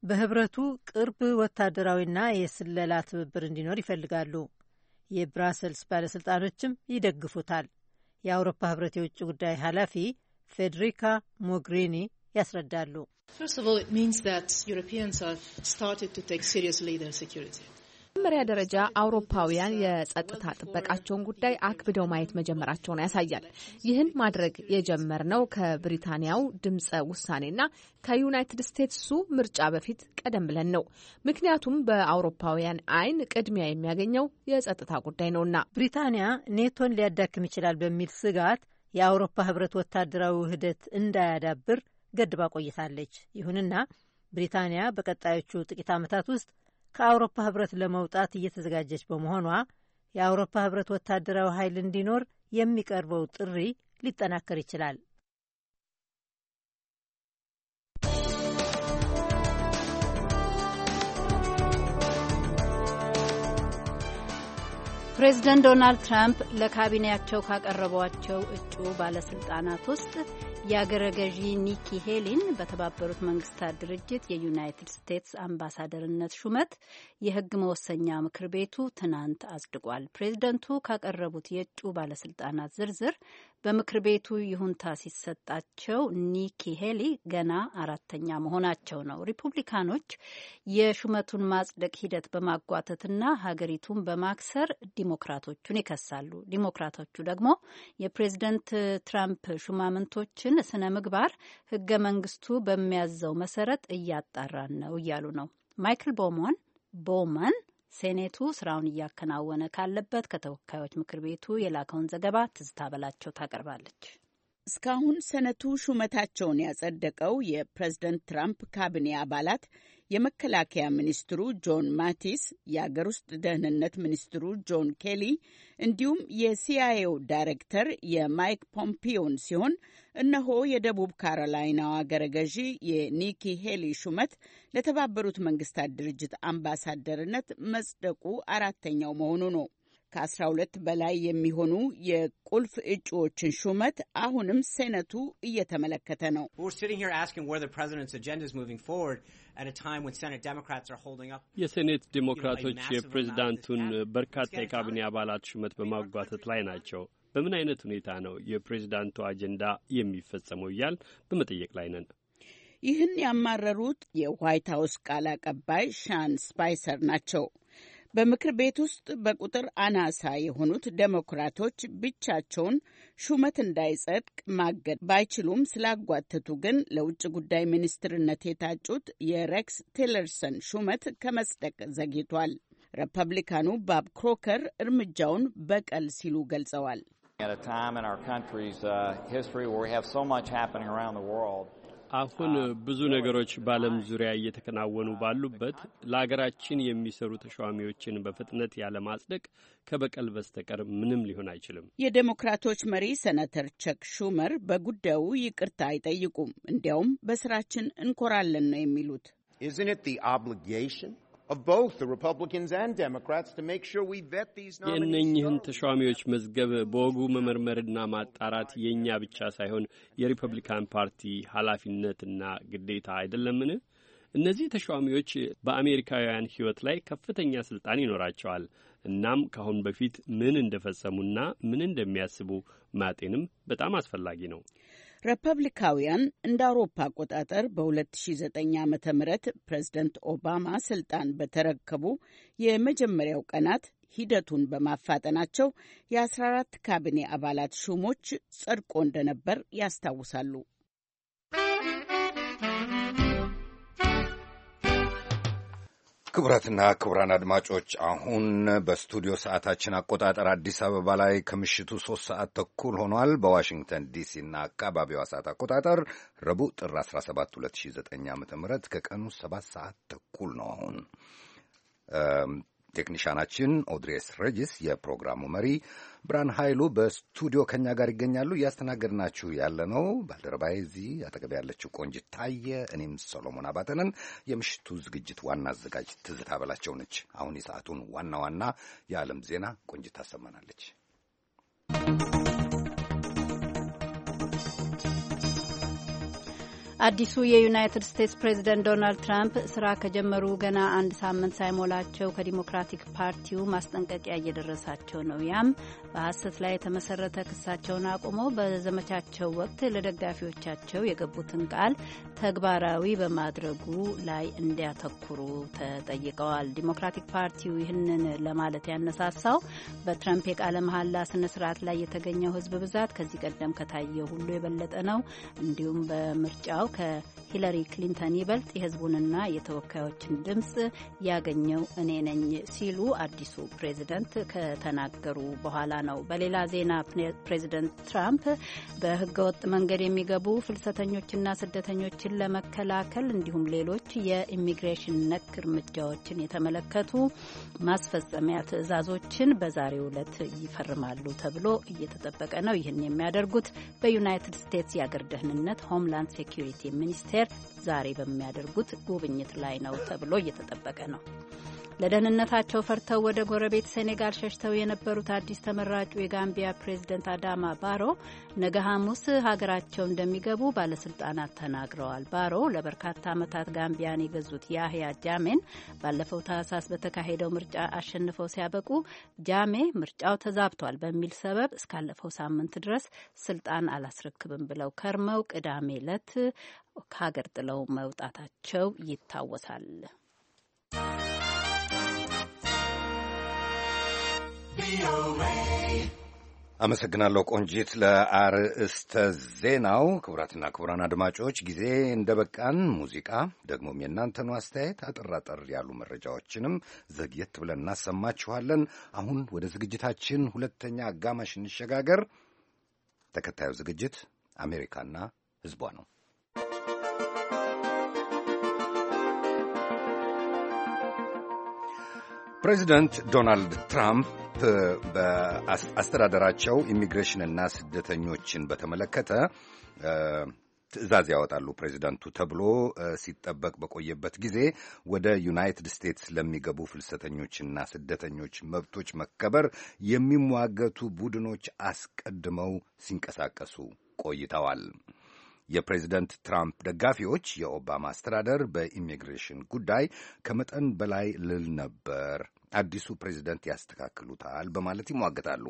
በህብረቱ ቅርብ ወታደራዊና የስለላ ትብብር እንዲኖር ይፈልጋሉ። የብራሰልስ ባለሥልጣኖችም ይደግፉታል። የአውሮፓ ህብረት የውጭ ጉዳይ ኃላፊ ፌዴሪካ ሞግሪኒ ያስረዳሉ። መጀመሪያ ደረጃ አውሮፓውያን የጸጥታ ጥበቃቸውን ጉዳይ አክብደው ማየት መጀመራቸውን ያሳያል። ይህን ማድረግ የጀመርነው ከብሪታንያው ድምፀ ውሳኔና ከዩናይትድ ስቴትሱ ምርጫ በፊት ቀደም ብለን ነው። ምክንያቱም በአውሮፓውያን አይን ቅድሚያ የሚያገኘው የጸጥታ ጉዳይ ነውና። ብሪታንያ ኔቶን ሊያዳክም ይችላል በሚል ስጋት የአውሮፓ ህብረት ወታደራዊ ውህደት እንዳያዳብር ገድባ ቆይታለች። ይሁንና ብሪታንያ በቀጣዮቹ ጥቂት ዓመታት ውስጥ ከአውሮፓ ህብረት ለመውጣት እየተዘጋጀች በመሆኗ የአውሮፓ ህብረት ወታደራዊ ኃይል እንዲኖር የሚቀርበው ጥሪ ሊጠናከር ይችላል። ፕሬዚደንት ዶናልድ ትራምፕ ለካቢኔያቸው ካቀረቧቸው እጩ ባለስልጣናት ውስጥ የአገረ ገዢ ኒኪ ሄሊን በተባበሩት መንግስታት ድርጅት የዩናይትድ ስቴትስ አምባሳደርነት ሹመት የህግ መወሰኛ ምክር ቤቱ ትናንት አጽድቋል። ፕሬዝደንቱ ካቀረቡት የእጩ ባለስልጣናት ዝርዝር በምክር ቤቱ ይሁንታ ሲሰጣቸው ኒኪ ሄሊ ገና አራተኛ መሆናቸው ነው። ሪፑብሊካኖች የሹመቱን ማጽደቅ ሂደት በማጓተትና ሀገሪቱን በማክሰር ዲሞክራቶቹን ይከሳሉ። ዲሞክራቶቹ ደግሞ የፕሬዝደንት ትራምፕ ሹማምንቶችን ስነ ምግባር ህገ መንግስቱ በሚያዘው መሰረት እያጣራን ነው እያሉ ነው። ማይክል ቦሞን ቦውማን ሴኔቱ ስራውን እያከናወነ ካለበት ከተወካዮች ምክር ቤቱ የላከውን ዘገባ ትዝታ በላቸው ታቀርባለች። እስካሁን ሰነቱ ሹመታቸውን ያጸደቀው የፕሬዝደንት ትራምፕ ካቢኔ አባላት የመከላከያ ሚኒስትሩ ጆን ማቲስ፣ የአገር ውስጥ ደህንነት ሚኒስትሩ ጆን ኬሊ እንዲሁም የሲአይኤው ዳይሬክተር የማይክ ፖምፒዮን ሲሆን እነሆ የደቡብ ካሮላይናው አገረ ገዢ የኒኪ ሄሊ ሹመት ለተባበሩት መንግስታት ድርጅት አምባሳደርነት መጽደቁ አራተኛው መሆኑ ነው። ከ12 በላይ የሚሆኑ የቁልፍ እጩዎችን ሹመት አሁንም ሴነቱ እየተመለከተ ነው። የሴኔት ዴሞክራቶች የፕሬዚዳንቱን በርካታ የካቢኔ አባላት ሹመት በማጓተት ላይ ናቸው። በምን አይነት ሁኔታ ነው የፕሬዚዳንቱ አጀንዳ የሚፈጸመው እያል በመጠየቅ ላይ ነን። ይህን ያማረሩት የዋይት ሀውስ ቃል አቀባይ ሻን ስፓይሰር ናቸው። በምክር ቤት ውስጥ በቁጥር አናሳ የሆኑት ዴሞክራቶች ብቻቸውን ሹመት እንዳይጸድቅ ማገድ ባይችሉም ስላጓተቱ ግን ለውጭ ጉዳይ ሚኒስትርነት የታጩት የሬክስ ቲለርሰን ሹመት ከመጽደቅ ዘግይቷል። ሪፐብሊካኑ ባብ ክሮከር እርምጃውን በቀል ሲሉ ገልጸዋል። አሁን ብዙ ነገሮች በዓለም ዙሪያ እየተከናወኑ ባሉበት ለሀገራችን የሚሰሩ ተሿሚዎችን በፍጥነት ያለማጽደቅ ከበቀል በስተቀር ምንም ሊሆን አይችልም። የዴሞክራቶች መሪ ሰነተር ቸክ ሹመር በጉዳዩ ይቅርታ አይጠይቁም። እንዲያውም በስራችን እንኮራለን ነው የሚሉት። የእነኝህን oh. ተሿሚዎች መዝገብ በወጉ መመርመርና ማጣራት የእኛ ብቻ ሳይሆን የሪፐብሊካን ፓርቲ ኃላፊነትና ግዴታ አይደለምን? እነዚህ ተሿሚዎች በአሜሪካውያን ሕይወት ላይ ከፍተኛ ስልጣን ይኖራቸዋል። እናም ከአሁን በፊት ምን እንደፈጸሙና ምን እንደሚያስቡ ማጤንም በጣም አስፈላጊ ነው። ሪፐብሊካውያን እንደ አውሮፓ አቆጣጠር በ2009 ዓ ም ፕሬዝደንት ኦባማ ስልጣን በተረከቡ የመጀመሪያው ቀናት ሂደቱን በማፋጠናቸው የ14 ካቢኔ አባላት ሹሞች ጸድቆ እንደነበር ያስታውሳሉ። ክቡራትና ክቡራን አድማጮች አሁን በስቱዲዮ ሰዓታችን አቆጣጠር አዲስ አበባ ላይ ከምሽቱ ሶስት ሰዓት ተኩል ሆኗል። በዋሽንግተን ዲሲ እና አካባቢዋ ሰዓት አቆጣጠር ረቡዕ ጥር 17 2009 ዓ ም ከቀኑ ሰባት ሰዓት ተኩል ነው አሁን ቴክኒሻናችን ኦድሬስ ረጅስ፣ የፕሮግራሙ መሪ ብርሃን ኃይሉ በስቱዲዮ ከኛ ጋር ይገኛሉ። እያስተናገድናችሁ ያለ ነው ባልደረባዬ እዚህ አጠገብ ያለችው ቆንጅት ታየ፣ እኔም ሰሎሞን አባተንን። የምሽቱ ዝግጅት ዋና አዘጋጅ ትዝታ በላቸው ነች። አሁን የሰዓቱን ዋና ዋና የዓለም ዜና ቆንጅት ታሰማናለች። አዲሱ የዩናይትድ ስቴትስ ፕሬዝደንት ዶናልድ ትራምፕ ስራ ከጀመሩ ገና አንድ ሳምንት ሳይሞላቸው ከዲሞክራቲክ ፓርቲው ማስጠንቀቂያ እየደረሳቸው ነው። ያም በሐሰት ላይ የተመሰረተ ክሳቸውን አቁመው በዘመቻቸው ወቅት ለደጋፊዎቻቸው የገቡትን ቃል ተግባራዊ በማድረጉ ላይ እንዲያተኩሩ ተጠይቀዋል። ዲሞክራቲክ ፓርቲው ይህንን ለማለት ያነሳሳው በትራምፕ የቃለ መሐላ ስነ ስርዓት ላይ የተገኘው ህዝብ ብዛት ከዚህ ቀደም ከታየው ሁሉ የበለጠ ነው። እንዲሁም በምርጫው Welker ሂለሪ ክሊንተን ይበልጥ የህዝቡንና የተወካዮችን ድምፅ ያገኘው እኔ ነኝ ሲሉ አዲሱ ፕሬዚደንት ከተናገሩ በኋላ ነው። በሌላ ዜና ፕሬዚደንት ትራምፕ በህገወጥ መንገድ የሚገቡ ፍልሰተኞችና ስደተኞችን ለመከላከል እንዲሁም ሌሎች የኢሚግሬሽን ነክ እርምጃዎችን የተመለከቱ ማስፈጸሚያ ትዕዛዞችን በዛሬው ዕለት ይፈርማሉ ተብሎ እየተጠበቀ ነው። ይህን የሚያደርጉት በዩናይትድ ስቴትስ የአገር ደህንነት ሆምላንድ ሴኪሪቲ ሚኒስቴር ሚኒስቴር ዛሬ በሚያደርጉት ጉብኝት ላይ ነው ተብሎ እየተጠበቀ ነው። ለደህንነታቸው ፈርተው ወደ ጎረቤት ሴኔጋል ሸሽተው የነበሩት አዲስ ተመራጩ የጋምቢያ ፕሬዝደንት አዳማ ባሮ ነገ ሐሙስ ሀገራቸው እንደሚገቡ ባለስልጣናት ተናግረዋል። ባሮ ለበርካታ ዓመታት ጋምቢያን የገዙት ያህያ ጃሜን ባለፈው ታህሳስ በተካሄደው ምርጫ አሸንፈው ሲያበቁ ጃሜ ምርጫው ተዛብቷል በሚል ሰበብ እስካለፈው ሳምንት ድረስ ስልጣን አላስረክብም ብለው ከርመው ቅዳሜ ዕለት ከሀገር ጥለው መውጣታቸው ይታወሳል። አመሰግናለሁ ቆንጂት። ለአርዕስተ ዜናው ክቡራትና ክቡራን አድማጮች ጊዜ እንደ በቃን ሙዚቃ፣ ደግሞም የእናንተኑ አስተያየት አጠራጠር ያሉ መረጃዎችንም ዘግየት ብለን እናሰማችኋለን። አሁን ወደ ዝግጅታችን ሁለተኛ አጋማሽ እንሸጋገር። ተከታዩ ዝግጅት አሜሪካና ሕዝቧ ነው። ፕሬዚደንት ዶናልድ ትራምፕ በአስተዳደራቸው ኢሚግሬሽንና ስደተኞችን በተመለከተ ትዕዛዝ ያወጣሉ ፕሬዚደንቱ ተብሎ ሲጠበቅ በቆየበት ጊዜ ወደ ዩናይትድ ስቴትስ ለሚገቡ ፍልሰተኞችና ስደተኞች መብቶች መከበር የሚሟገቱ ቡድኖች አስቀድመው ሲንቀሳቀሱ ቆይተዋል። የፕሬዚደንት ትራምፕ ደጋፊዎች የኦባማ አስተዳደር በኢሚግሬሽን ጉዳይ ከመጠን በላይ ልል ነበር፣ አዲሱ ፕሬዚደንት ያስተካክሉታል በማለት ይሟገታሉ።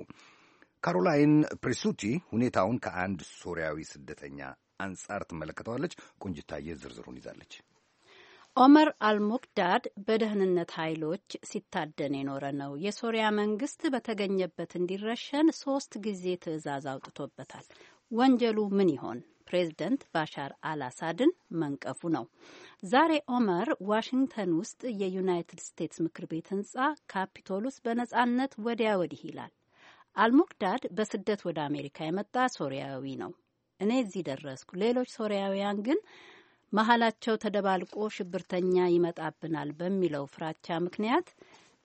ካሮላይን ፕሪሱቲ ሁኔታውን ከአንድ ሶሪያዊ ስደተኛ አንጻር ትመለከተዋለች። ቆንጅታዬ ዝርዝሩን ይዛለች። ኦመር አልሞክዳድ በደህንነት ኃይሎች ሲታደን የኖረ ነው። የሶሪያ መንግስት በተገኘበት እንዲረሸን ሶስት ጊዜ ትዕዛዝ አውጥቶበታል። ወንጀሉ ምን ይሆን? ፕሬዝደንት ባሻር አልአሳድን መንቀፉ ነው። ዛሬ ኦመር ዋሽንግተን ውስጥ የዩናይትድ ስቴትስ ምክር ቤት ህንጻ ካፒቶል ውስጥ በነጻነት ወዲያ ወዲህ ይላል። አልሞክዳድ በስደት ወደ አሜሪካ የመጣ ሶሪያዊ ነው። እኔ እዚህ ደረስኩ፣ ሌሎች ሶሪያውያን ግን መሀላቸው ተደባልቆ ሽብርተኛ ይመጣብናል በሚለው ፍራቻ ምክንያት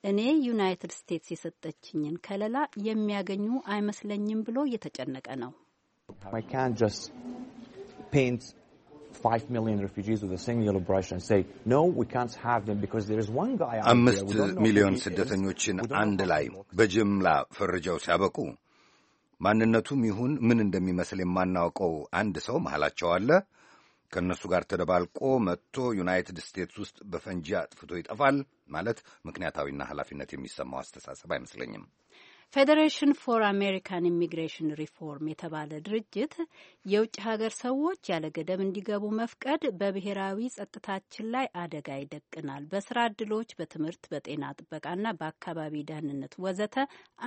እኔ ዩናይትድ ስቴትስ የሰጠችኝን ከለላ የሚያገኙ አይመስለኝም ብሎ እየተጨነቀ ነው። paint አምስት ሚሊዮን ስደተኞችን አንድ ላይ በጅምላ ፈርጀው ሲያበቁ ማንነቱም ይሁን ምን እንደሚመስል የማናውቀው አንድ ሰው መሃላቸው አለ። ከእነሱ ጋር ተደባልቆ መጥቶ ዩናይትድ ስቴትስ ውስጥ በፈንጂ አጥፍቶ ይጠፋል ማለት ምክንያታዊና ኃላፊነት የሚሰማው አስተሳሰብ አይመስለኝም። ፌዴሬሽን ፎር አሜሪካን ኢሚግሬሽን ሪፎርም የተባለ ድርጅት የውጭ ሀገር ሰዎች ያለ ገደብ እንዲገቡ መፍቀድ በብሔራዊ ጸጥታችን ላይ አደጋ ይደቅናል፣ በስራ እድሎች፣ በትምህርት፣ በጤና ጥበቃና በአካባቢ ደህንነት ወዘተ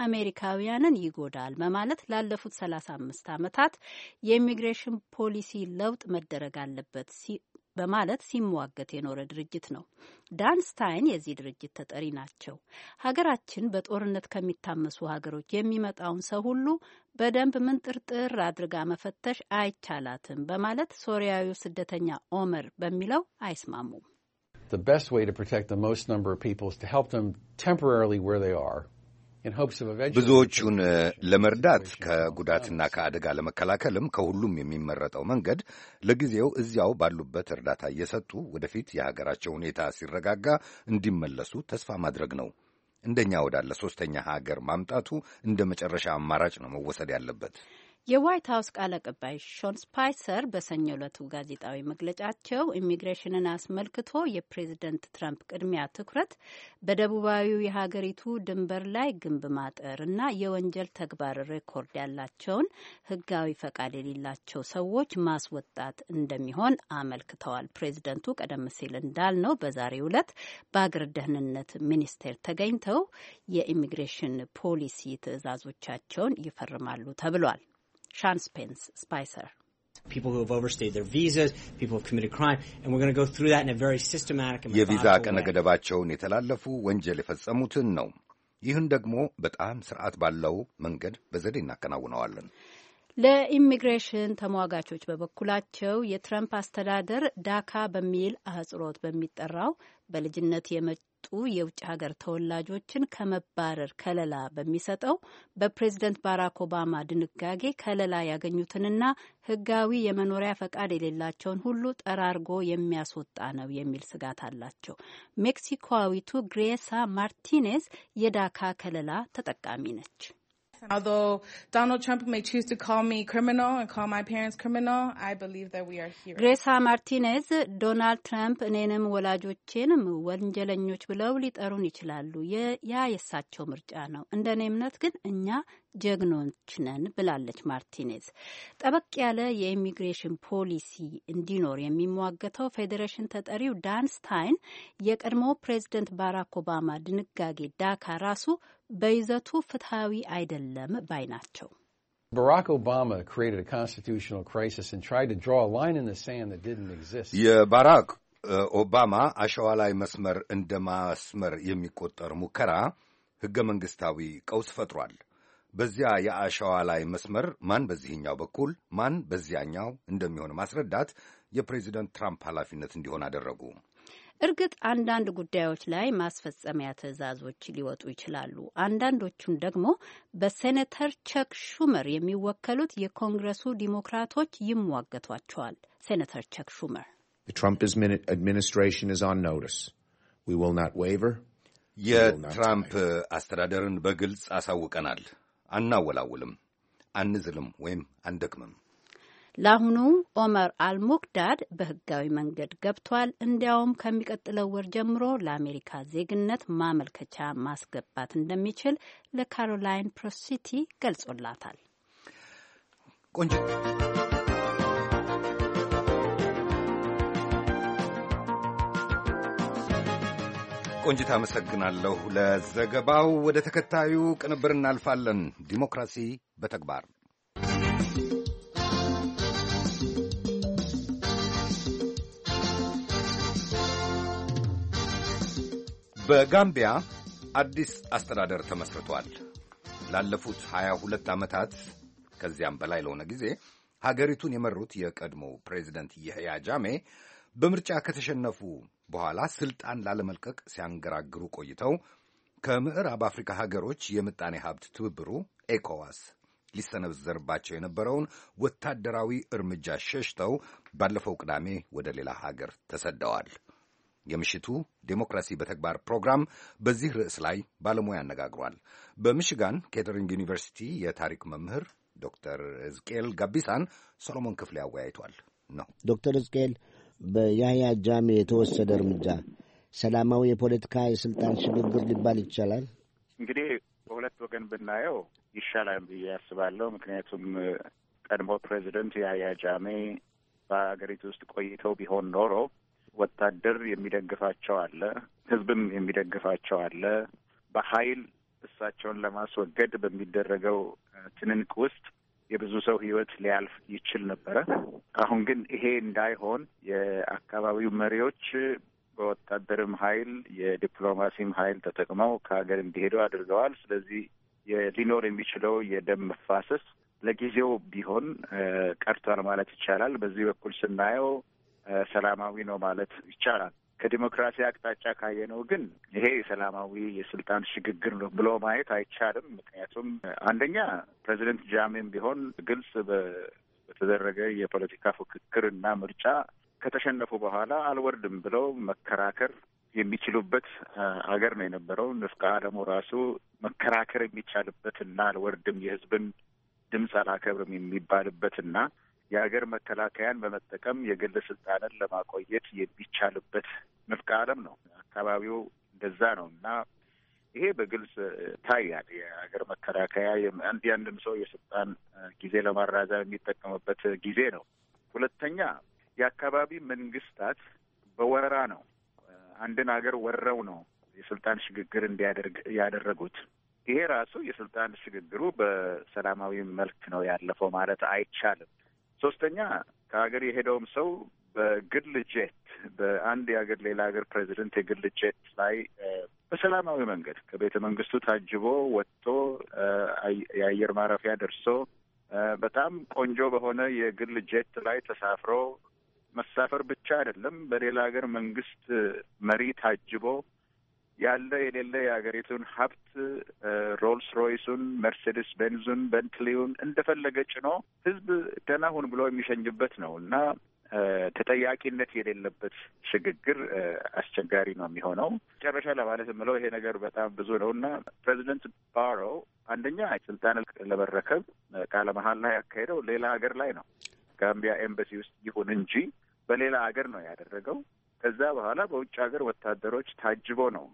አሜሪካውያንን ይጎዳል በማለት ላለፉት ሰላሳ አምስት ዓመታት የኢሚግሬሽን ፖሊሲ ለውጥ መደረግ አለበት በማለት ሲሟገት የኖረ ድርጅት ነው። ዳንስታይን የዚህ ድርጅት ተጠሪ ናቸው። ሀገራችን በጦርነት ከሚታመሱ ሀገሮች የሚመጣውን ሰው ሁሉ በደንብ ምንጥርጥር አድርጋ መፈተሽ አይቻላትም በማለት ሶሪያዊ ስደተኛ ኦመር በሚለው አይስማሙም። The best way to protect the most number of people is to help them temporarily where they are. ብዙዎቹን uh, ለመርዳት ከጉዳትና ከአደጋ ለመከላከልም ከሁሉም የሚመረጠው መንገድ ለጊዜው እዚያው ባሉበት እርዳታ እየሰጡ ወደፊት የሀገራቸው ሁኔታ ሲረጋጋ እንዲመለሱ ተስፋ ማድረግ ነው። እንደኛ ወዳለ ሶስተኛ ሀገር ማምጣቱ እንደ መጨረሻ አማራጭ ነው መወሰድ ያለበት። የዋይት ሀውስ ቃል አቀባይ ሾን ስፓይሰር በሰኞ ዕለቱ ጋዜጣዊ መግለጫቸው ኢሚግሬሽንን አስመልክቶ የፕሬዝደንት ትራምፕ ቅድሚያ ትኩረት በደቡባዊው የሀገሪቱ ድንበር ላይ ግንብ ማጠር እና የወንጀል ተግባር ሬኮርድ ያላቸውን ሕጋዊ ፈቃድ የሌላቸው ሰዎች ማስወጣት እንደሚሆን አመልክተዋል። ፕሬዝደንቱ ቀደም ሲል እንዳልነው በዛሬው ዕለት በአገር ደህንነት ሚኒስቴር ተገኝተው የኢሚግሬሽን ፖሊሲ ትዕዛዞቻቸውን ይፈርማሉ ተብሏል። ሻንስፔንስ ስፓይሰር የቪዛ ቀነ ገደባቸውን የተላለፉ ወንጀል የፈጸሙትን ነው። ይህን ደግሞ በጣም ስርዓት ባለው መንገድ በዘዴ እናከናውነዋለን። ለኢሚግሬሽን ተሟጋቾች በበኩላቸው የትረምፕ አስተዳደር ዳካ በሚል አህጽሮት በሚጠራው በልጅነት የመጡ የውጭ ሀገር ተወላጆችን ከመባረር ከለላ በሚሰጠው በፕሬዝደንት ባራክ ኦባማ ድንጋጌ ከለላ ያገኙትንና ሕጋዊ የመኖሪያ ፈቃድ የሌላቸውን ሁሉ ጠራርጎ የሚያስወጣ ነው የሚል ስጋት አላቸው። ሜክሲኮዊቱ ግሬሳ ማርቲኔዝ የዳካ ከለላ ተጠቃሚ ነች። Although Donald Trump may choose to call me criminal and call my parents criminal, I believe that we are here. ግሬሳ Martinez, Donald Trump, እኔንም ወላጆቼንም ወንጀለኞች ብለው ሊጠሩን ይችላሉ። ያ የሳቸው ምርጫ ነው። እንደ እኔ እምነት ግን እኛ ጀግኖች ነን ብላለች ማርቲኔዝ። ጠበቅ ያለ የኢሚግሬሽን ፖሊሲ እንዲኖር የሚሟገተው ፌዴሬሽን ተጠሪው ዳንስታይን የቀድሞው የቀድሞ ፕሬዚደንት ባራክ ኦባማ ድንጋጌ ዳካ ራሱ በይዘቱ ፍትሐዊ አይደለም ባይ ናቸው። የባራክ ኦባማ አሸዋ ላይ መስመር እንደ ማስመር የሚቆጠር ሙከራ ሕገ መንግሥታዊ ቀውስ ፈጥሯል። በዚያ የአሸዋ ላይ መስመር ማን በዚህኛው በኩል ማን በዚያኛው እንደሚሆን ማስረዳት የፕሬዚደንት ትራምፕ ኃላፊነት እንዲሆን አደረጉ። እርግጥ አንዳንድ ጉዳዮች ላይ ማስፈጸሚያ ትዕዛዞች ሊወጡ ይችላሉ። አንዳንዶቹን ደግሞ በሴኔተር ቸክ ሹመር የሚወከሉት የኮንግረሱ ዲሞክራቶች ይሟገቷቸዋል። ሴኔተር ቸክ ሹመር የትራምፕ አስተዳደርን በግልጽ አሳውቀናል። አናወላውልም፣ አንዝልም ወይም አንደክምም። ለአሁኑ ኦመር አልሞክዳድ በህጋዊ መንገድ ገብቷል። እንዲያውም ከሚቀጥለው ወር ጀምሮ ለአሜሪካ ዜግነት ማመልከቻ ማስገባት እንደሚችል ለካሮላይን ፕሮሲቲ ገልጾላታል። ቆንጆ ቆንጅት አመሰግናለሁ ለዘገባው። ወደ ተከታዩ ቅንብር እናልፋለን። ዲሞክራሲ በተግባር በጋምቢያ አዲስ አስተዳደር ተመስርቷል። ላለፉት ሀያ ሁለት ዓመታት ከዚያም በላይ ለሆነ ጊዜ ሀገሪቱን የመሩት የቀድሞው ፕሬዚደንት የህያ ጃሜ በምርጫ ከተሸነፉ በኋላ ስልጣን ላለመልቀቅ ሲያንገራግሩ ቆይተው ከምዕራብ አፍሪካ ሀገሮች የምጣኔ ሀብት ትብብሩ ኤኮዋስ ሊሰነዘርባቸው የነበረውን ወታደራዊ እርምጃ ሸሽተው ባለፈው ቅዳሜ ወደ ሌላ ሀገር ተሰደዋል። የምሽቱ ዴሞክራሲ በተግባር ፕሮግራም በዚህ ርዕስ ላይ ባለሙያ አነጋግሯል። በሚሽጋን ኬተሪንግ ዩኒቨርሲቲ የታሪክ መምህር ዶክተር እዝቅኤል ጋቢሳን ሰሎሞን ክፍሌ አወያይቷል ነው ዶክተር እዝቅኤል በያህያ ጃሜ የተወሰደ እርምጃ ሰላማዊ የፖለቲካ የስልጣን ሽግግር ሊባል ይቻላል? እንግዲህ በሁለት ወገን ብናየው ይሻላል ብዬ አስባለሁ። ምክንያቱም ቀድሞ ፕሬዚደንት ያህያ ጃሜ በሀገሪቱ ውስጥ ቆይተው ቢሆን ኖሮ ወታደር የሚደግፋቸው አለ፣ ህዝብም የሚደግፋቸው አለ። በኃይል እሳቸውን ለማስወገድ በሚደረገው ትንንቅ ውስጥ የብዙ ሰው ህይወት ሊያልፍ ይችል ነበረ። አሁን ግን ይሄ እንዳይሆን የአካባቢው መሪዎች በወታደርም ኃይል የዲፕሎማሲም ኃይል ተጠቅመው ከሀገር እንዲሄዱ አድርገዋል። ስለዚህ ሊኖር የሚችለው የደም መፋሰስ ለጊዜው ቢሆን ቀርቷል ማለት ይቻላል። በዚህ በኩል ስናየው ሰላማዊ ነው ማለት ይቻላል። ከዲሞክራሲ አቅጣጫ ካየነው ግን ይሄ የሰላማዊ የስልጣን ሽግግር ነው ብሎ ማየት አይቻልም። ምክንያቱም አንደኛ ፕሬዚደንት ጃሜም ቢሆን ግልጽ በተደረገ የፖለቲካ ፉክክር እና ምርጫ ከተሸነፉ በኋላ አልወርድም ብለው መከራከር የሚችሉበት ሀገር ነው የነበረው። ንፍቀ አለሙ ራሱ መከራከር የሚቻልበት እና አልወርድም የህዝብን ድምፅ አላከብርም የሚባልበት እና የሀገር መከላከያን በመጠቀም የግል ስልጣንን ለማቆየት የሚቻልበት ንፍቀ ዓለም ነው። አካባቢው እንደዛ ነው እና ይሄ በግልጽ ታያል። የሀገር መከላከያ አንድ ያንድም ሰው የስልጣን ጊዜ ለማራዘም የሚጠቀምበት ጊዜ ነው። ሁለተኛ የአካባቢ መንግስታት በወረራ ነው። አንድን ሀገር ወረው ነው የስልጣን ሽግግር እንዲያደርግ ያደረጉት። ይሄ ራሱ የስልጣን ሽግግሩ በሰላማዊ መልክ ነው ያለፈው ማለት አይቻልም። ሶስተኛ ከሀገር የሄደውም ሰው በግል ጄት በአንድ የሀገር ሌላ ሀገር ፕሬዚደንት የግል ጄት ላይ በሰላማዊ መንገድ ከቤተ መንግስቱ ታጅቦ ወጥቶ የአየር ማረፊያ ደርሶ በጣም ቆንጆ በሆነ የግል ጄት ላይ ተሳፍሮ መሳፈር ብቻ አይደለም፣ በሌላ ሀገር መንግስት መሪ ታጅቦ ያለ የሌለ የሀገሪቱን ሀብት ሮልስ ሮይሱን፣ መርሴዲስ ቤንዙን፣ በንትሊውን እንደፈለገ ጭኖ ህዝብ ደህና ሁን ብሎ የሚሸኝበት ነው እና ተጠያቂነት የሌለበት ሽግግር አስቸጋሪ ነው የሚሆነው። መጨረሻ ለማለት የምለው ይሄ ነገር በጣም ብዙ ነው እና ፕሬዚደንት ባሮ አንደኛ ስልጣን ለመረከብ ቃለ መሀል ላይ ያካሄደው ሌላ ሀገር ላይ ነው፣ ጋምቢያ ኤምባሲ ውስጥ ይሁን እንጂ በሌላ ሀገር ነው ያደረገው። ከዛ በኋላ በውጭ ሀገር ወታደሮች ታጅቦ ነው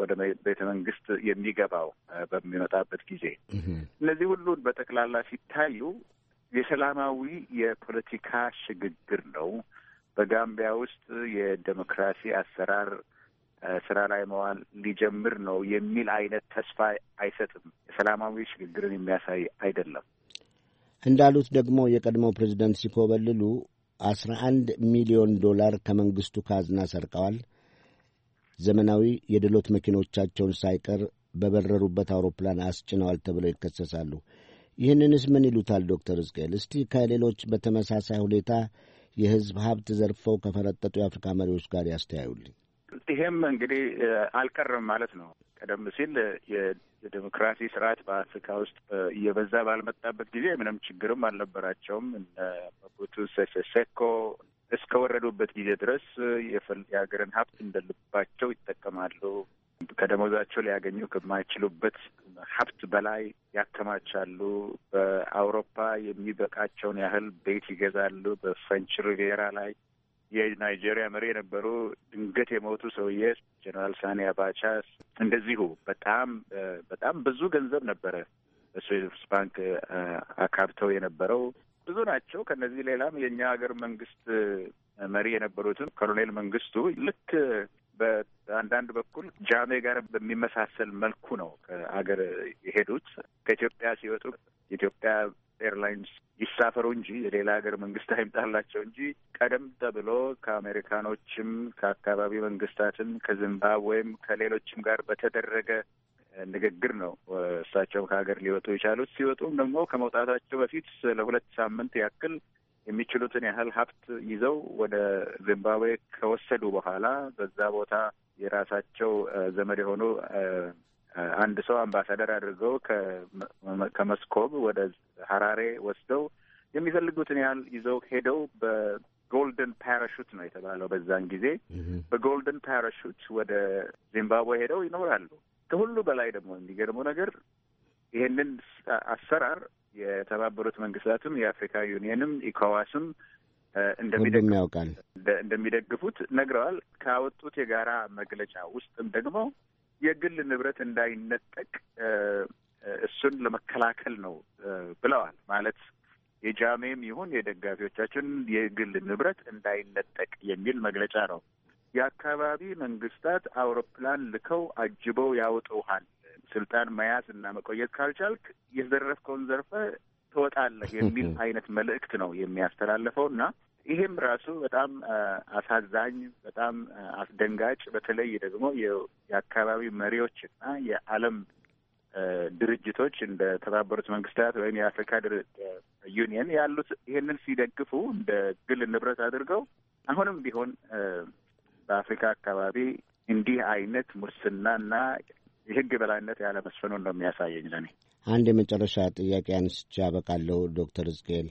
ወደ ቤተ መንግስት የሚገባው በሚመጣበት ጊዜ። እነዚህ ሁሉን በጠቅላላ ሲታዩ የሰላማዊ የፖለቲካ ሽግግር ነው። በጋምቢያ ውስጥ የዴሞክራሲ አሰራር ስራ ላይ መዋል ሊጀምር ነው የሚል አይነት ተስፋ አይሰጥም። የሰላማዊ ሽግግርን የሚያሳይ አይደለም። እንዳሉት ደግሞ የቀድሞው ፕሬዚደንት ሲኮበልሉ 11 ሚሊዮን ዶላር ከመንግሥቱ ካዝና ሰርቀዋል። ዘመናዊ የድሎት መኪኖቻቸውን ሳይቀር በበረሩበት አውሮፕላን አስጭነዋል ተብለው ይከሰሳሉ። ይህንንስ ምን ይሉታል ዶክተር ሕዝቅኤል? እስቲ ከሌሎች በተመሳሳይ ሁኔታ የሕዝብ ሀብት ዘርፈው ከፈረጠጡ የአፍሪካ መሪዎች ጋር ያስተያዩልኝ። ይሄም እንግዲህ አልቀረም ማለት ነው። ቀደም ሲል የዴሞክራሲ ስርዓት በአፍሪካ ውስጥ እየበዛ ባልመጣበት ጊዜ ምንም ችግርም አልነበራቸውም። እነ መቡቱ ሴሴ ሴኮ እስከ ወረዱበት ጊዜ ድረስ የሀገርን ሀብት እንደልባቸው ይጠቀማሉ። ከደሞዛቸው ሊያገኙ ከማይችሉበት ሀብት በላይ ያከማቻሉ። በአውሮፓ የሚበቃቸውን ያህል ቤት ይገዛሉ። በፍሬንች ሪቬራ ላይ የናይጄሪያ መሪ የነበሩ ድንገት የሞቱ ሰውዬ ጀነራል ሳኒ አባቻ እንደዚሁ በጣም በጣም ብዙ ገንዘብ ነበረ በስዊስ ባንክ አካብተው የነበረው ብዙ ናቸው። ከነዚህ ሌላም የእኛ ሀገር መንግስት መሪ የነበሩትም ኮሎኔል መንግስቱ ልክ በአንዳንድ በኩል ጃሜ ጋር በሚመሳሰል መልኩ ነው ከሀገር የሄዱት። ከኢትዮጵያ ሲወጡ ኢትዮጵያ ኤርላይንስ ይሳፈሩ እንጂ የሌላ ሀገር መንግስት አይምጣላቸው እንጂ ቀደም ተብሎ ከአሜሪካኖችም ከአካባቢ መንግስታትም ከዚምባብዌም ከሌሎችም ጋር በተደረገ ንግግር ነው እሳቸው ከሀገር ሊወጡ የቻሉት። ሲወጡም ደግሞ ከመውጣታቸው በፊት ለሁለት ሳምንት ያክል የሚችሉትን ያህል ሀብት ይዘው ወደ ዚምባብዌ ከወሰዱ በኋላ በዛ ቦታ የራሳቸው ዘመድ የሆኑ አንድ ሰው አምባሳደር አድርገው ከመስኮብ ወደ ሀራሬ ወስደው የሚፈልጉትን ያህል ይዘው ሄደው በጎልደን ፓራሹት ነው የተባለው። በዛን ጊዜ በጎልደን ፓራሹት ወደ ዚምባብዌ ሄደው ይኖራሉ። ከሁሉ በላይ ደግሞ የሚገርመው ነገር ይህንን አሰራር የተባበሩት መንግስታትም የአፍሪካ ዩኒየንም ኢኮዋስም እንደሚደግፉ ያውቃል እንደሚደግፉት ነግረዋል። ካወጡት የጋራ መግለጫ ውስጥም ደግሞ የግል ንብረት እንዳይነጠቅ እሱን ለመከላከል ነው ብለዋል። ማለት የጃሜም ይሁን የደጋፊዎቻችን የግል ንብረት እንዳይነጠቅ የሚል መግለጫ ነው። የአካባቢ መንግስታት አውሮፕላን ልከው አጅበው ያውጡሃል። ስልጣን መያዝ እና መቆየት ካልቻልክ የዘረፍከውን ዘርፈ ትወጣለህ የሚል አይነት መልእክት ነው የሚያስተላልፈው እና ይሄም ራሱ በጣም አሳዛኝ፣ በጣም አስደንጋጭ በተለይ ደግሞ የአካባቢ መሪዎች እና የዓለም ድርጅቶች እንደ ተባበሩት መንግስታት ወይም የአፍሪካ ዩኒየን ያሉት ይሄንን ሲደግፉ እንደ ግል ንብረት አድርገው አሁንም ቢሆን በአፍሪካ አካባቢ እንዲህ አይነት ሙስናና የህግ በላይነት ያለመስፈኑ ነው የሚያሳየኝ። ለኔ አንድ የመጨረሻ ጥያቄ አንስቼ አበቃለሁ። ዶክተር ሕዝቅኤል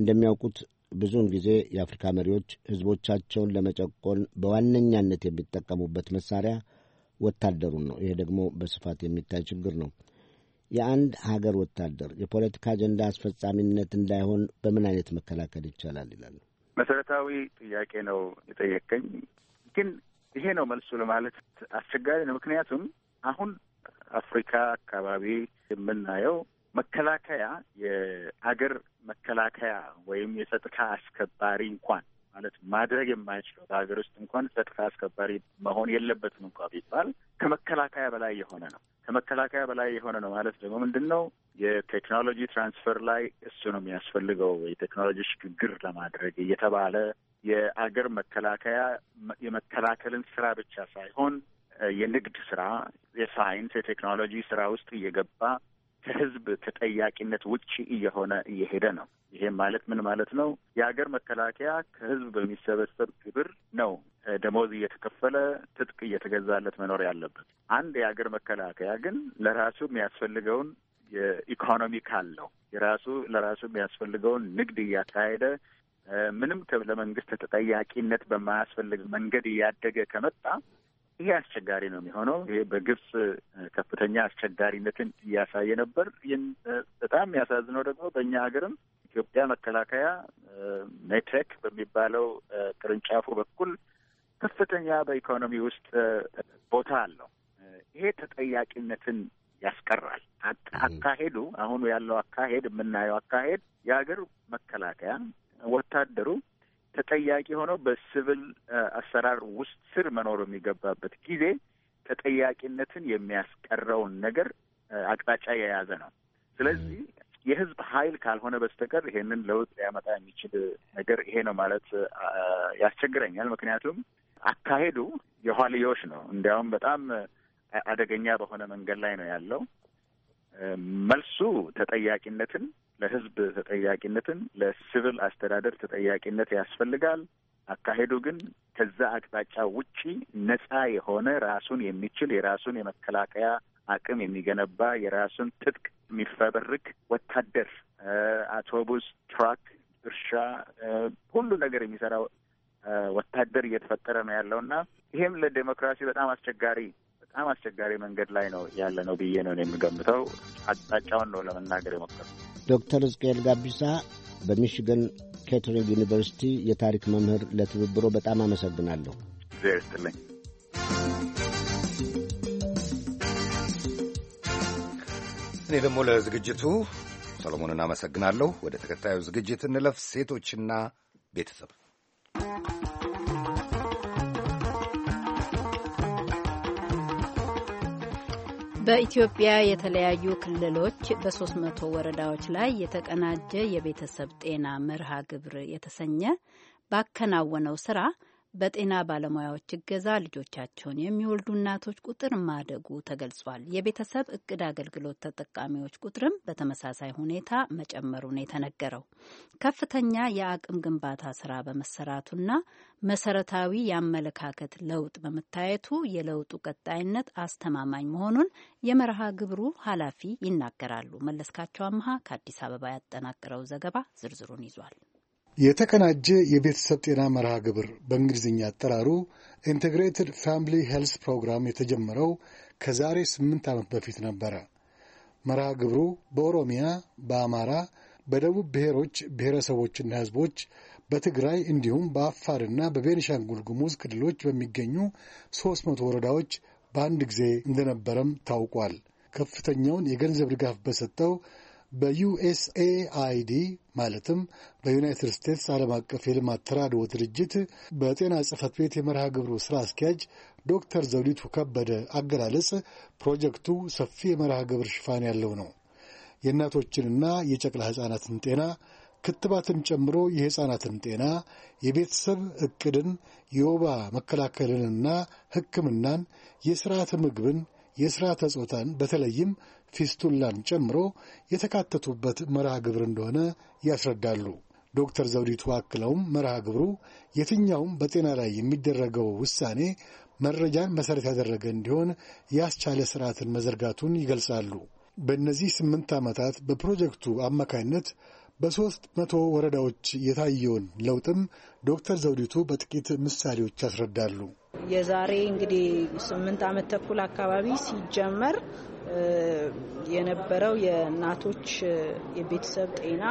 እንደሚያውቁት ብዙውን ጊዜ የአፍሪካ መሪዎች ሕዝቦቻቸውን ለመጨቆን በዋነኛነት የሚጠቀሙበት መሳሪያ ወታደሩን ነው። ይሄ ደግሞ በስፋት የሚታይ ችግር ነው። የአንድ ሀገር ወታደር የፖለቲካ አጀንዳ አስፈጻሚነት እንዳይሆን በምን አይነት መከላከል ይቻላል ይላሉ። መሰረታዊ ጥያቄ ነው የጠየቀኝ። ግን ይሄ ነው መልሱ ለማለት አስቸጋሪ ነው። ምክንያቱም አሁን አፍሪካ አካባቢ የምናየው መከላከያ የአገር መከላከያ ወይም የጸጥታ አስከባሪ እንኳን ማለት ማድረግ የማይችለው በሀገር ውስጥ እንኳን ጸጥታ አስከባሪ መሆን የለበትም እንኳ ቢባል ከመከላከያ በላይ የሆነ ነው። ከመከላከያ በላይ የሆነ ነው ማለት ደግሞ ምንድን ነው? የቴክኖሎጂ ትራንስፈር ላይ እሱ ነው የሚያስፈልገው የቴክኖሎጂ ሽግግር ለማድረግ እየተባለ የአገር መከላከያ የመከላከልን ስራ ብቻ ሳይሆን የንግድ ስራ፣ የሳይንስ፣ የቴክኖሎጂ ስራ ውስጥ እየገባ ከህዝብ ተጠያቂነት ውጪ እየሆነ እየሄደ ነው። ይሄም ማለት ምን ማለት ነው? የሀገር መከላከያ ከህዝብ በሚሰበሰብ ግብር ነው ደሞዝ እየተከፈለ ትጥቅ እየተገዛለት መኖር ያለበት። አንድ የሀገር መከላከያ ግን ለራሱ የሚያስፈልገውን የኢኮኖሚ ካለው የራሱ ለራሱ የሚያስፈልገውን ንግድ እያካሄደ ምንም ለመንግስት ተጠያቂነት በማያስፈልግ መንገድ እያደገ ከመጣ ይሄ አስቸጋሪ ነው የሚሆነው። ይሄ በግብጽ ከፍተኛ አስቸጋሪነትን እያሳየ ነበር። ይህን በጣም የሚያሳዝነው ደግሞ በእኛ ሀገርም ኢትዮጵያ መከላከያ ሜቴክ በሚባለው ቅርንጫፉ በኩል ከፍተኛ በኢኮኖሚ ውስጥ ቦታ አለው። ይሄ ተጠያቂነትን ያስቀራል። አካሄዱ አሁኑ ያለው አካሄድ የምናየው አካሄድ የሀገር መከላከያ ወታደሩ ተጠያቂ ሆነው በሲቪል አሰራር ውስጥ ስር መኖር የሚገባበት ጊዜ ተጠያቂነትን የሚያስቀረውን ነገር አቅጣጫ የያዘ ነው። ስለዚህ የህዝብ ኃይል ካልሆነ በስተቀር ይሄንን ለውጥ ሊያመጣ የሚችል ነገር ይሄ ነው ማለት ያስቸግረኛል። ምክንያቱም አካሄዱ የኋልዮሽ ነው። እንዲያውም በጣም አደገኛ በሆነ መንገድ ላይ ነው ያለው። መልሱ ተጠያቂነትን ለህዝብ ተጠያቂነትን ለሲቪል አስተዳደር ተጠያቂነት ያስፈልጋል። አካሄዱ ግን ከዛ አቅጣጫ ውጪ ነጻ የሆነ ራሱን የሚችል የራሱን የመከላከያ አቅም የሚገነባ የራሱን ትጥቅ የሚፈበርክ ወታደር፣ አውቶቡስ፣ ትራክ፣ እርሻ፣ ሁሉ ነገር የሚሰራ ወታደር እየተፈጠረ ነው ያለው እና ይሄም ለዴሞክራሲ በጣም አስቸጋሪ በጣም አስቸጋሪ መንገድ ላይ ነው ያለ ነው ብዬ ነው የምገምተው። አቅጣጫውን ነው ለመናገር የሞከርኩት። ዶክተር ሕዝቅኤል ጋቢሳ በሚሽገን ኬትሪንግ ዩኒቨርሲቲ የታሪክ መምህር፣ ለትብብሮ በጣም አመሰግናለሁ። እኔ ደግሞ ለዝግጅቱ ሰሎሞንን አመሰግናለሁ። ወደ ተከታዩ ዝግጅት እንለፍ። ሴቶችና ቤተሰብ በኢትዮጵያ የተለያዩ ክልሎች በ300 ወረዳዎች ላይ የተቀናጀ የቤተሰብ ጤና መርሃ ግብር የተሰኘ ባከናወነው ስራ በጤና ባለሙያዎች እገዛ ልጆቻቸውን የሚወልዱ እናቶች ቁጥር ማደጉ ተገልጿል። የቤተሰብ እቅድ አገልግሎት ተጠቃሚዎች ቁጥርም በተመሳሳይ ሁኔታ መጨመሩን የተነገረው ከፍተኛ የአቅም ግንባታ ስራ በመሰራቱና መሰረታዊ የአመለካከት ለውጥ በመታየቱ የለውጡ ቀጣይነት አስተማማኝ መሆኑን የመርሃ ግብሩ ኃላፊ ይናገራሉ። መለስካቸው አምሃ ከአዲስ አበባ ያጠናቀረው ዘገባ ዝርዝሩን ይዟል። የተቀናጀ የቤተሰብ ጤና መርሃ ግብር በእንግሊዝኛ አጠራሩ ኢንቴግሬትድ ፋሚሊ ሄልስ ፕሮግራም የተጀመረው ከዛሬ ስምንት ዓመት በፊት ነበረ። መርሃ ግብሩ በኦሮሚያ፣ በአማራ፣ በደቡብ ብሔሮች ብሔረሰቦችና ሕዝቦች በትግራይ እንዲሁም በአፋርና በቤኒሻንጉል ጉሙዝ ክልሎች በሚገኙ ሦስት መቶ ወረዳዎች በአንድ ጊዜ እንደነበረም ታውቋል። ከፍተኛውን የገንዘብ ድጋፍ በሰጠው በዩኤስኤአይዲ ማለትም በዩናይትድ ስቴትስ ዓለም አቀፍ የልማት ተራድኦ ድርጅት በጤና ጽህፈት ቤት የመርሃ ግብሩ ሥራ አስኪያጅ ዶክተር ዘውዲቱ ከበደ አገላለጽ ፕሮጀክቱ ሰፊ የመርሃ ግብር ሽፋን ያለው ነው። የእናቶችንና የጨቅላ ሕፃናትን ጤና ክትባትን ጨምሮ የሕፃናትን ጤና፣ የቤተሰብ ዕቅድን፣ የወባ መከላከልንና ሕክምናን፣ የሥርዓተ ምግብን፣ የሥርዓተ ጾታን በተለይም ፊስቱላን ጨምሮ የተካተቱበት መርሃ ግብር እንደሆነ ያስረዳሉ። ዶክተር ዘውዲቱ አክለውም መርሃ ግብሩ የትኛውም በጤና ላይ የሚደረገው ውሳኔ መረጃን መሠረት ያደረገ እንዲሆን ያስቻለ ስርዓትን መዘርጋቱን ይገልጻሉ። በእነዚህ ስምንት ዓመታት በፕሮጀክቱ አማካይነት በሦስት መቶ ወረዳዎች የታየውን ለውጥም ዶክተር ዘውዲቱ በጥቂት ምሳሌዎች ያስረዳሉ። የዛሬ እንግዲህ ስምንት ዓመት ተኩል አካባቢ ሲጀመር የነበረው የእናቶች የቤተሰብ ጤና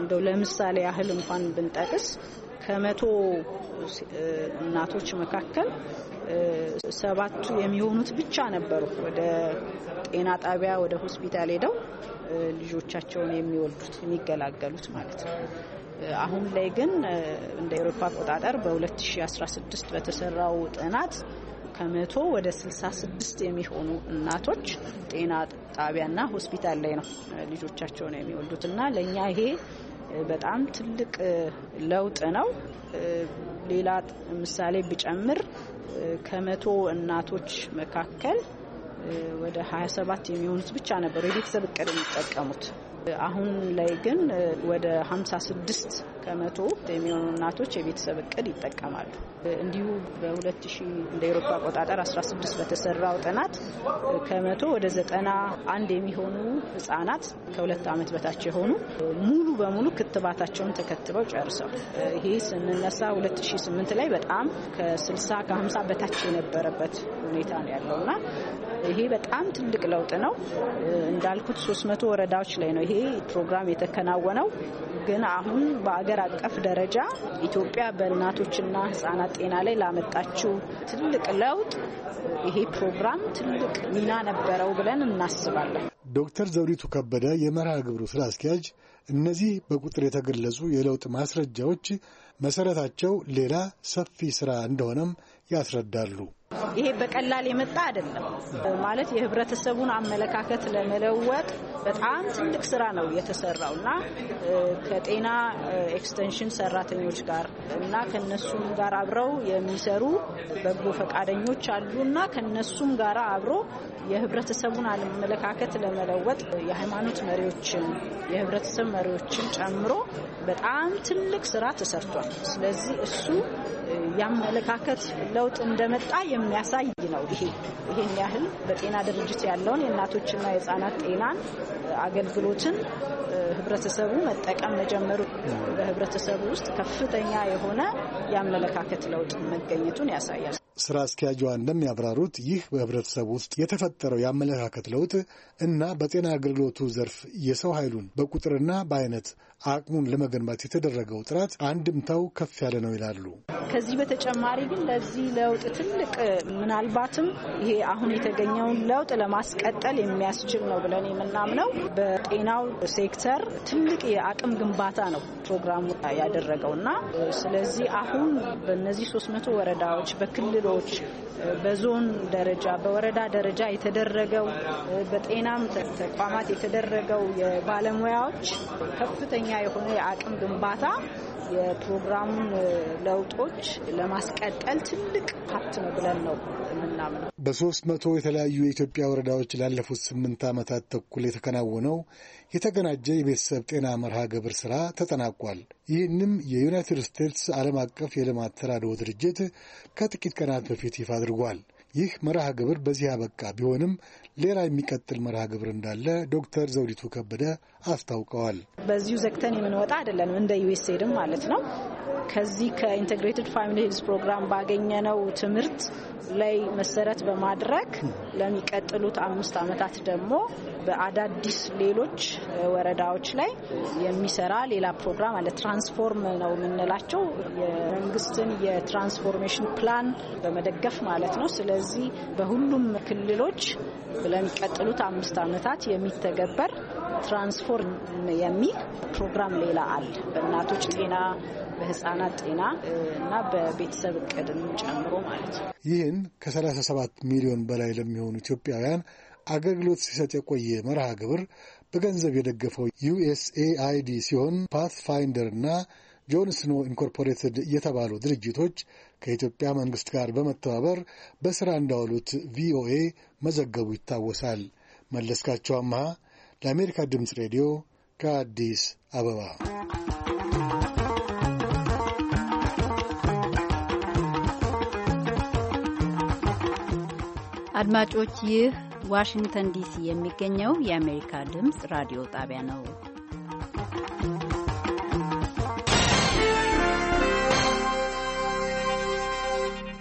እንደው ለምሳሌ ያህል እንኳን ብንጠቅስ ከመቶ እናቶች መካከል ሰባቱ የሚሆኑት ብቻ ነበሩ ወደ ጤና ጣቢያ ወደ ሆስፒታል ሄደው ልጆቻቸውን የሚወልዱት የሚገላገሉት ማለት ነው። አሁን ላይ ግን እንደ ኤሮፓ አቆጣጠር በ2016 በተሰራው ጥናት ከመቶ ወደ 66 የሚሆኑ እናቶች ጤና ጣቢያና ሆስፒታል ላይ ነው ልጆቻቸውን የሚወልዱትና ለእኛ ይሄ በጣም ትልቅ ለውጥ ነው። ሌላ ምሳሌ ብጨምር ከመቶ እናቶች መካከል ወደ 27 የሚሆኑት ብቻ ነበሩ የቤተሰብ እቅድ የሚጠቀሙት። አሁን ላይ ግን ወደ 56 ከመቶ የሚሆኑ እናቶች የቤተሰብ እቅድ ይጠቀማሉ። እንዲሁ በ2000 እንደ ኤሮፓ አቆጣጠር 16 በተሰራው ጥናት ከመቶ ወደ 91 የሚሆኑ ህጻናት ከሁለት ዓመት በታች የሆኑ ሙሉ በሙሉ ክትባታቸውን ተከትበው ጨርሰው ይሄ ስንነሳ 2008 ላይ በጣም ከ60 ከ50 በታች የነበረበት ሁኔታ ነው ያለውና ይሄ በጣም ትልቅ ለውጥ ነው። እንዳልኩት 300 መቶ ወረዳዎች ላይ ነው ይሄ ፕሮግራም የተከናወነው። ግን አሁን በአገር አቀፍ ደረጃ ኢትዮጵያ በእናቶችና ሕጻናት ጤና ላይ ላመጣችው ትልቅ ለውጥ ይሄ ፕሮግራም ትልቅ ሚና ነበረው ብለን እናስባለን። ዶክተር ዘውዲቱ ከበደ የመርሃ ግብሩ ስራ አስኪያጅ፣ እነዚህ በቁጥር የተገለጹ የለውጥ ማስረጃዎች መሰረታቸው ሌላ ሰፊ ስራ እንደሆነም ያስረዳሉ። ይሄ በቀላል የመጣ አይደለም። ማለት የህብረተሰቡን አመለካከት ለመለወጥ በጣም ትልቅ ስራ ነው የተሰራው እና ከጤና ኤክስቴንሽን ሰራተኞች ጋር እና ከነሱም ጋር አብረው የሚሰሩ በጎ ፈቃደኞች አሉ እና ከነሱም ጋር አብሮ የህብረተሰቡን አመለካከት ለመለወጥ የሃይማኖት መሪዎችን የህብረተሰብ መሪዎችን ጨምሮ በጣም ትልቅ ስራ ተሰርቷል። ስለዚህ እሱ የአመለካከት ለውጥ እንደመጣ የሚያሳይ ነው። ይሄ ይሄን ያህል በጤና ድርጅት ያለውን የእናቶችና የህጻናት ጤናን አገልግሎትን ህብረተሰቡ መጠቀም መጀመሩ በህብረተሰቡ ውስጥ ከፍተኛ የሆነ የአመለካከት ለውጥ መገኘቱን ያሳያል። ስራ አስኪያጇ እንደሚያብራሩት ይህ በህብረተሰቡ ውስጥ የተፈጠረው የአመለካከት ለውጥ እና በጤና አገልግሎቱ ዘርፍ የሰው ኃይሉን በቁጥርና በአይነት አቅሙን ለመገንባት የተደረገው ጥረት አንድምታው ከፍ ያለ ነው ይላሉ። ከዚህ በተጨማሪ ግን ለዚህ ለውጥ ትልቅ ምናልባትም ይሄ አሁን የተገኘውን ለውጥ ለማስቀጠል የሚያስችል ነው ብለን የምናምነው በጤናው ሴክተር ትልቅ የአቅም ግንባታ ነው ፕሮግራሙ ያደረገው እና ስለዚህ አሁን በእነዚህ 300 ወረዳዎች፣ በክልሎች፣ በዞን ደረጃ፣ በወረዳ ደረጃ የተደረገው በጤናም ተቋማት የተደረገው የባለሙያዎች ከፍተኛ የሆነ የአቅም ግንባታ የፕሮግራም ለውጦች ለማስቀጠል ትልቅ ፓርት ነው ብለን ነው የምናምነው። በሶስት መቶ የተለያዩ የኢትዮጵያ ወረዳዎች ላለፉት ስምንት ዓመታት ተኩል የተከናወነው የተገናጀ የቤተሰብ ጤና መርሃ ግብር ስራ ተጠናቋል። ይህንም የዩናይትድ ስቴትስ ዓለም አቀፍ የልማት ተራድኦ ድርጅት ከጥቂት ቀናት በፊት ይፋ አድርጓል። ይህ መርሃ ግብር በዚህ አበቃ ቢሆንም ሌላ የሚቀጥል መርሃ ግብር እንዳለ ዶክተር ዘውዲቱ ከበደ አስታውቀዋል። በዚሁ ዘግተን የምንወጣ አይደለንም፣ እንደ ዩኤስኤድም ማለት ነው። ከዚህ ከኢንቴግሬትድ ፋሚሊ ሄልዝ ፕሮግራም ባገኘነው ትምህርት ላይ መሰረት በማድረግ ለሚቀጥሉት አምስት ዓመታት ደግሞ በአዳዲስ ሌሎች ወረዳዎች ላይ የሚሰራ ሌላ ፕሮግራም አለ። ትራንስፎርም ነው የምንላቸው የመንግስትን የትራንስፎርሜሽን ፕላን በመደገፍ ማለት ነው። ስለዚህ በሁሉም ክልሎች ለሚቀጥሉት አምስት ዓመታት የሚተገበር ትራንስፎርም የሚል ፕሮግራም ሌላ አለ። በእናቶች ጤና፣ በህጻናት ጤና እና በቤተሰብ እቅድም ጨምሮ ማለት ነው። ይህን ከ37 ሚሊዮን በላይ ለሚሆኑ ኢትዮጵያውያን አገልግሎት ሲሰጥ የቆየ መርሃ ግብር በገንዘብ የደገፈው ዩኤስኤአይዲ ሲሆን ፓትፋይንደር እና ጆንስኖ ኢንኮርፖሬትድ የተባሉ ድርጅቶች ከኢትዮጵያ መንግስት ጋር በመተባበር በሥራ እንዳዋሉት ቪኦኤ መዘገቡ ይታወሳል። መለስካቸው አምሃ ለአሜሪካ ድምፅ ሬዲዮ ከአዲስ አበባ አድማጮች ይህ ዋሽንግተን ዲሲ የሚገኘው የአሜሪካ ድምፅ ራዲዮ ጣቢያ ነው።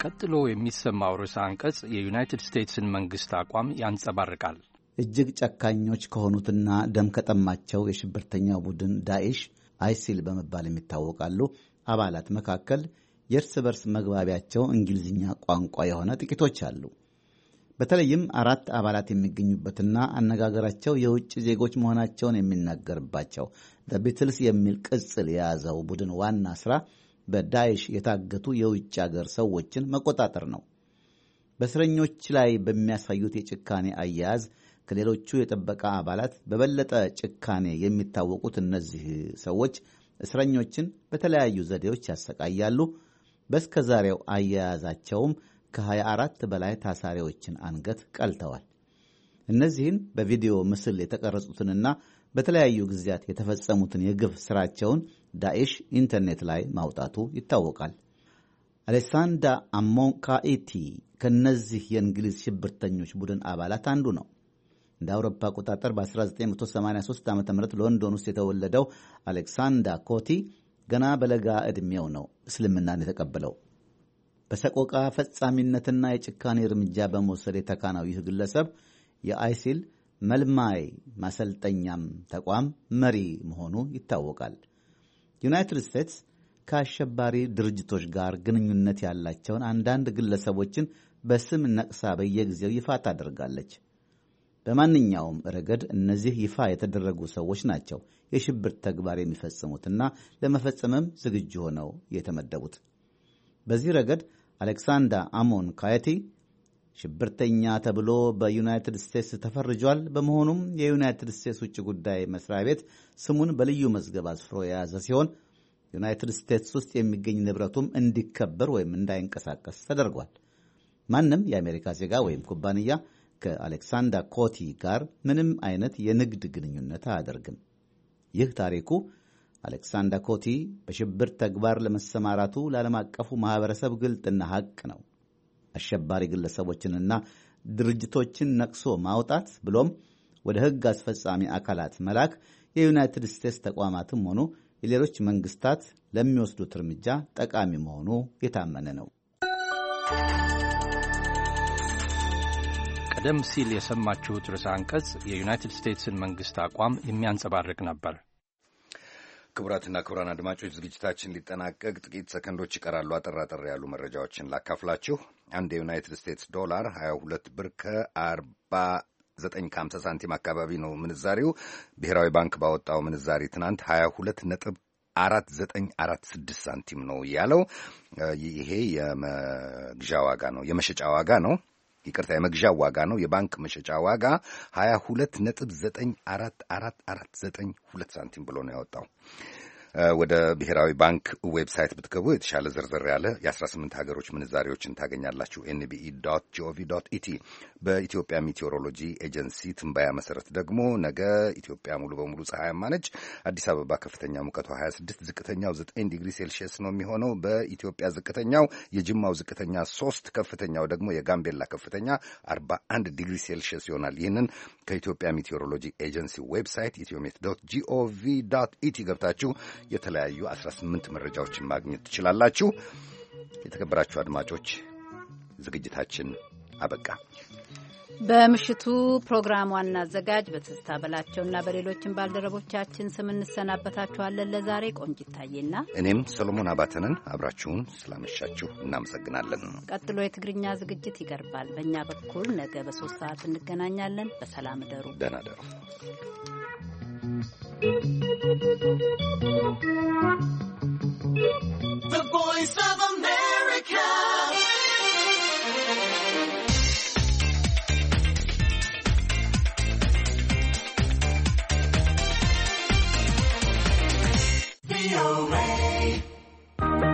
ቀጥሎ የሚሰማው ርዕሰ አንቀጽ የዩናይትድ ስቴትስን መንግሥት አቋም ያንጸባርቃል። እጅግ ጨካኞች ከሆኑትና ደም ከጠማቸው የሽብርተኛው ቡድን ዳኢሽ አይሲል በመባል የሚታወቃሉ አባላት መካከል የእርስ በርስ መግባቢያቸው እንግሊዝኛ ቋንቋ የሆነ ጥቂቶች አሉ። በተለይም አራት አባላት የሚገኙበትና አነጋገራቸው የውጭ ዜጎች መሆናቸውን የሚናገርባቸው ዘ ቢትልስ የሚል ቅጽል የያዘው ቡድን ዋና ስራ በዳይሽ የታገቱ የውጭ አገር ሰዎችን መቆጣጠር ነው። በእስረኞች ላይ በሚያሳዩት የጭካኔ አያያዝ ከሌሎቹ የጥበቃ አባላት በበለጠ ጭካኔ የሚታወቁት እነዚህ ሰዎች እስረኞችን በተለያዩ ዘዴዎች ያሰቃያሉ። በስከ ዛሬው አያያዛቸውም ከ24 በላይ ታሳሪዎችን አንገት ቀልተዋል። እነዚህን በቪዲዮ ምስል የተቀረጹትንና በተለያዩ ጊዜያት የተፈጸሙትን የግፍ ስራቸውን ዳኤሽ ኢንተርኔት ላይ ማውጣቱ ይታወቃል። አሌሳንዳ አሞንካኢቲ ከነዚህ የእንግሊዝ ሽብርተኞች ቡድን አባላት አንዱ ነው። እንደ አውሮፓ አቆጣጠር በ1983 ዓ ም ሎንዶን ውስጥ የተወለደው አሌክሳንዳ ኮቲ ገና በለጋ ዕድሜው ነው እስልምናን የተቀበለው። በሰቆቃ ፈጻሚነትና የጭካኔ እርምጃ በመውሰድ የተካነው ይህ ግለሰብ የአይሲል መልማይ ማሰልጠኛም ተቋም መሪ መሆኑ ይታወቃል። ዩናይትድ ስቴትስ ከአሸባሪ ድርጅቶች ጋር ግንኙነት ያላቸውን አንዳንድ ግለሰቦችን በስም ነቅሳ በየጊዜው ይፋ ታደርጋለች። በማንኛውም ረገድ እነዚህ ይፋ የተደረጉ ሰዎች ናቸው የሽብር ተግባር የሚፈጽሙትና ለመፈጸምም ዝግጁ ሆነው የተመደቡት። በዚህ ረገድ አሌክሳንዳ አሞን ካየቴ ሽብርተኛ ተብሎ በዩናይትድ ስቴትስ ተፈርጇል። በመሆኑም የዩናይትድ ስቴትስ ውጭ ጉዳይ መስሪያ ቤት ስሙን በልዩ መዝገብ አስፍሮ የያዘ ሲሆን ዩናይትድ ስቴትስ ውስጥ የሚገኝ ንብረቱም እንዲከበር ወይም እንዳይንቀሳቀስ ተደርጓል። ማንም የአሜሪካ ዜጋ ወይም ኩባንያ ከአሌክሳንደር ኮቲ ጋር ምንም አይነት የንግድ ግንኙነት አያደርግም። ይህ ታሪኩ አሌክሳንደር ኮቲ በሽብር ተግባር ለመሰማራቱ ለዓለም አቀፉ ማኅበረሰብ ግልጥና ሐቅ ነው። አሸባሪ ግለሰቦችንና ድርጅቶችን ነቅሶ ማውጣት ብሎም ወደ ሕግ አስፈጻሚ አካላት መላክ የዩናይትድ ስቴትስ ተቋማትም ሆኑ የሌሎች መንግስታት ለሚወስዱት እርምጃ ጠቃሚ መሆኑ የታመነ ነው። ቀደም ሲል የሰማችሁት ርዕሰ አንቀጽ የዩናይትድ ስቴትስን መንግስት አቋም የሚያንጸባርቅ ነበር። ክቡራትና ክቡራን አድማጮች ዝግጅታችን ሊጠናቀቅ ጥቂት ሰከንዶች ይቀራሉ። አጠር አጠር ያሉ መረጃዎችን ላካፍላችሁ። አንድ የዩናይትድ ስቴትስ ዶላር 22 ብር ከ49 50 ሳንቲም አካባቢ ነው ምንዛሪው። ብሔራዊ ባንክ ባወጣው ምንዛሪ ትናንት 22 ነጥብ 4946 ሳንቲም ነው ያለው። ይሄ የመግዣ ዋጋ ነው፣ የመሸጫ ዋጋ ነው። ይቅርታ የመግዣ ዋጋ ነው። የባንክ መሸጫ ዋጋ 22 ነጥብ ሁለት ሳንቲም ብሎ ነው ያወጣው። ወደ ብሔራዊ ባንክ ዌብሳይት ብትገቡ የተሻለ ዝርዝር ያለ የ18 ሀገሮች ምንዛሬዎችን ታገኛላችሁ። ኤንቢኢ ጂኦቪ ኢቲ። በኢትዮጵያ ሚቴዎሮሎጂ ኤጀንሲ ትንባያ መሰረት ደግሞ ነገ ኢትዮጵያ ሙሉ በሙሉ ፀሐያማ ነች። አዲስ አበባ ከፍተኛ ሙቀቷ 26፣ ዝቅተኛው 9 ዲግሪ ሴልሺየስ ነው የሚሆነው። በኢትዮጵያ ዝቅተኛው የጅማው ዝቅተኛ 3፣ ከፍተኛው ደግሞ የጋምቤላ ከፍተኛ 41 ዲግሪ ሴልሺየስ ይሆናል። ይህንን ከኢትዮጵያ ሜቴዎሮሎጂ ኤጀንሲ ዌብሳይት ኢትዮሜት ዶት ጂኦቪ ዶት ኢቲ ገብታችሁ የተለያዩ 18 መረጃዎችን ማግኘት ትችላላችሁ። የተከበራችሁ አድማጮች ዝግጅታችን አበቃ። በምሽቱ ፕሮግራም ዋና አዘጋጅ በትዝታ በላቸውና በሌሎችን ባልደረቦቻችን ስም እንሰናበታችኋለን። ለዛሬ ቆንጅት ታዬና እኔም ሰሎሞን አባተንን አብራችሁን ስላመሻችሁ እናመሰግናለን። ቀጥሎ የትግርኛ ዝግጅት ይቀርባል። በእኛ በኩል ነገ በሶስት ሰዓት እንገናኛለን። በሰላም እደሩ። ደህና you.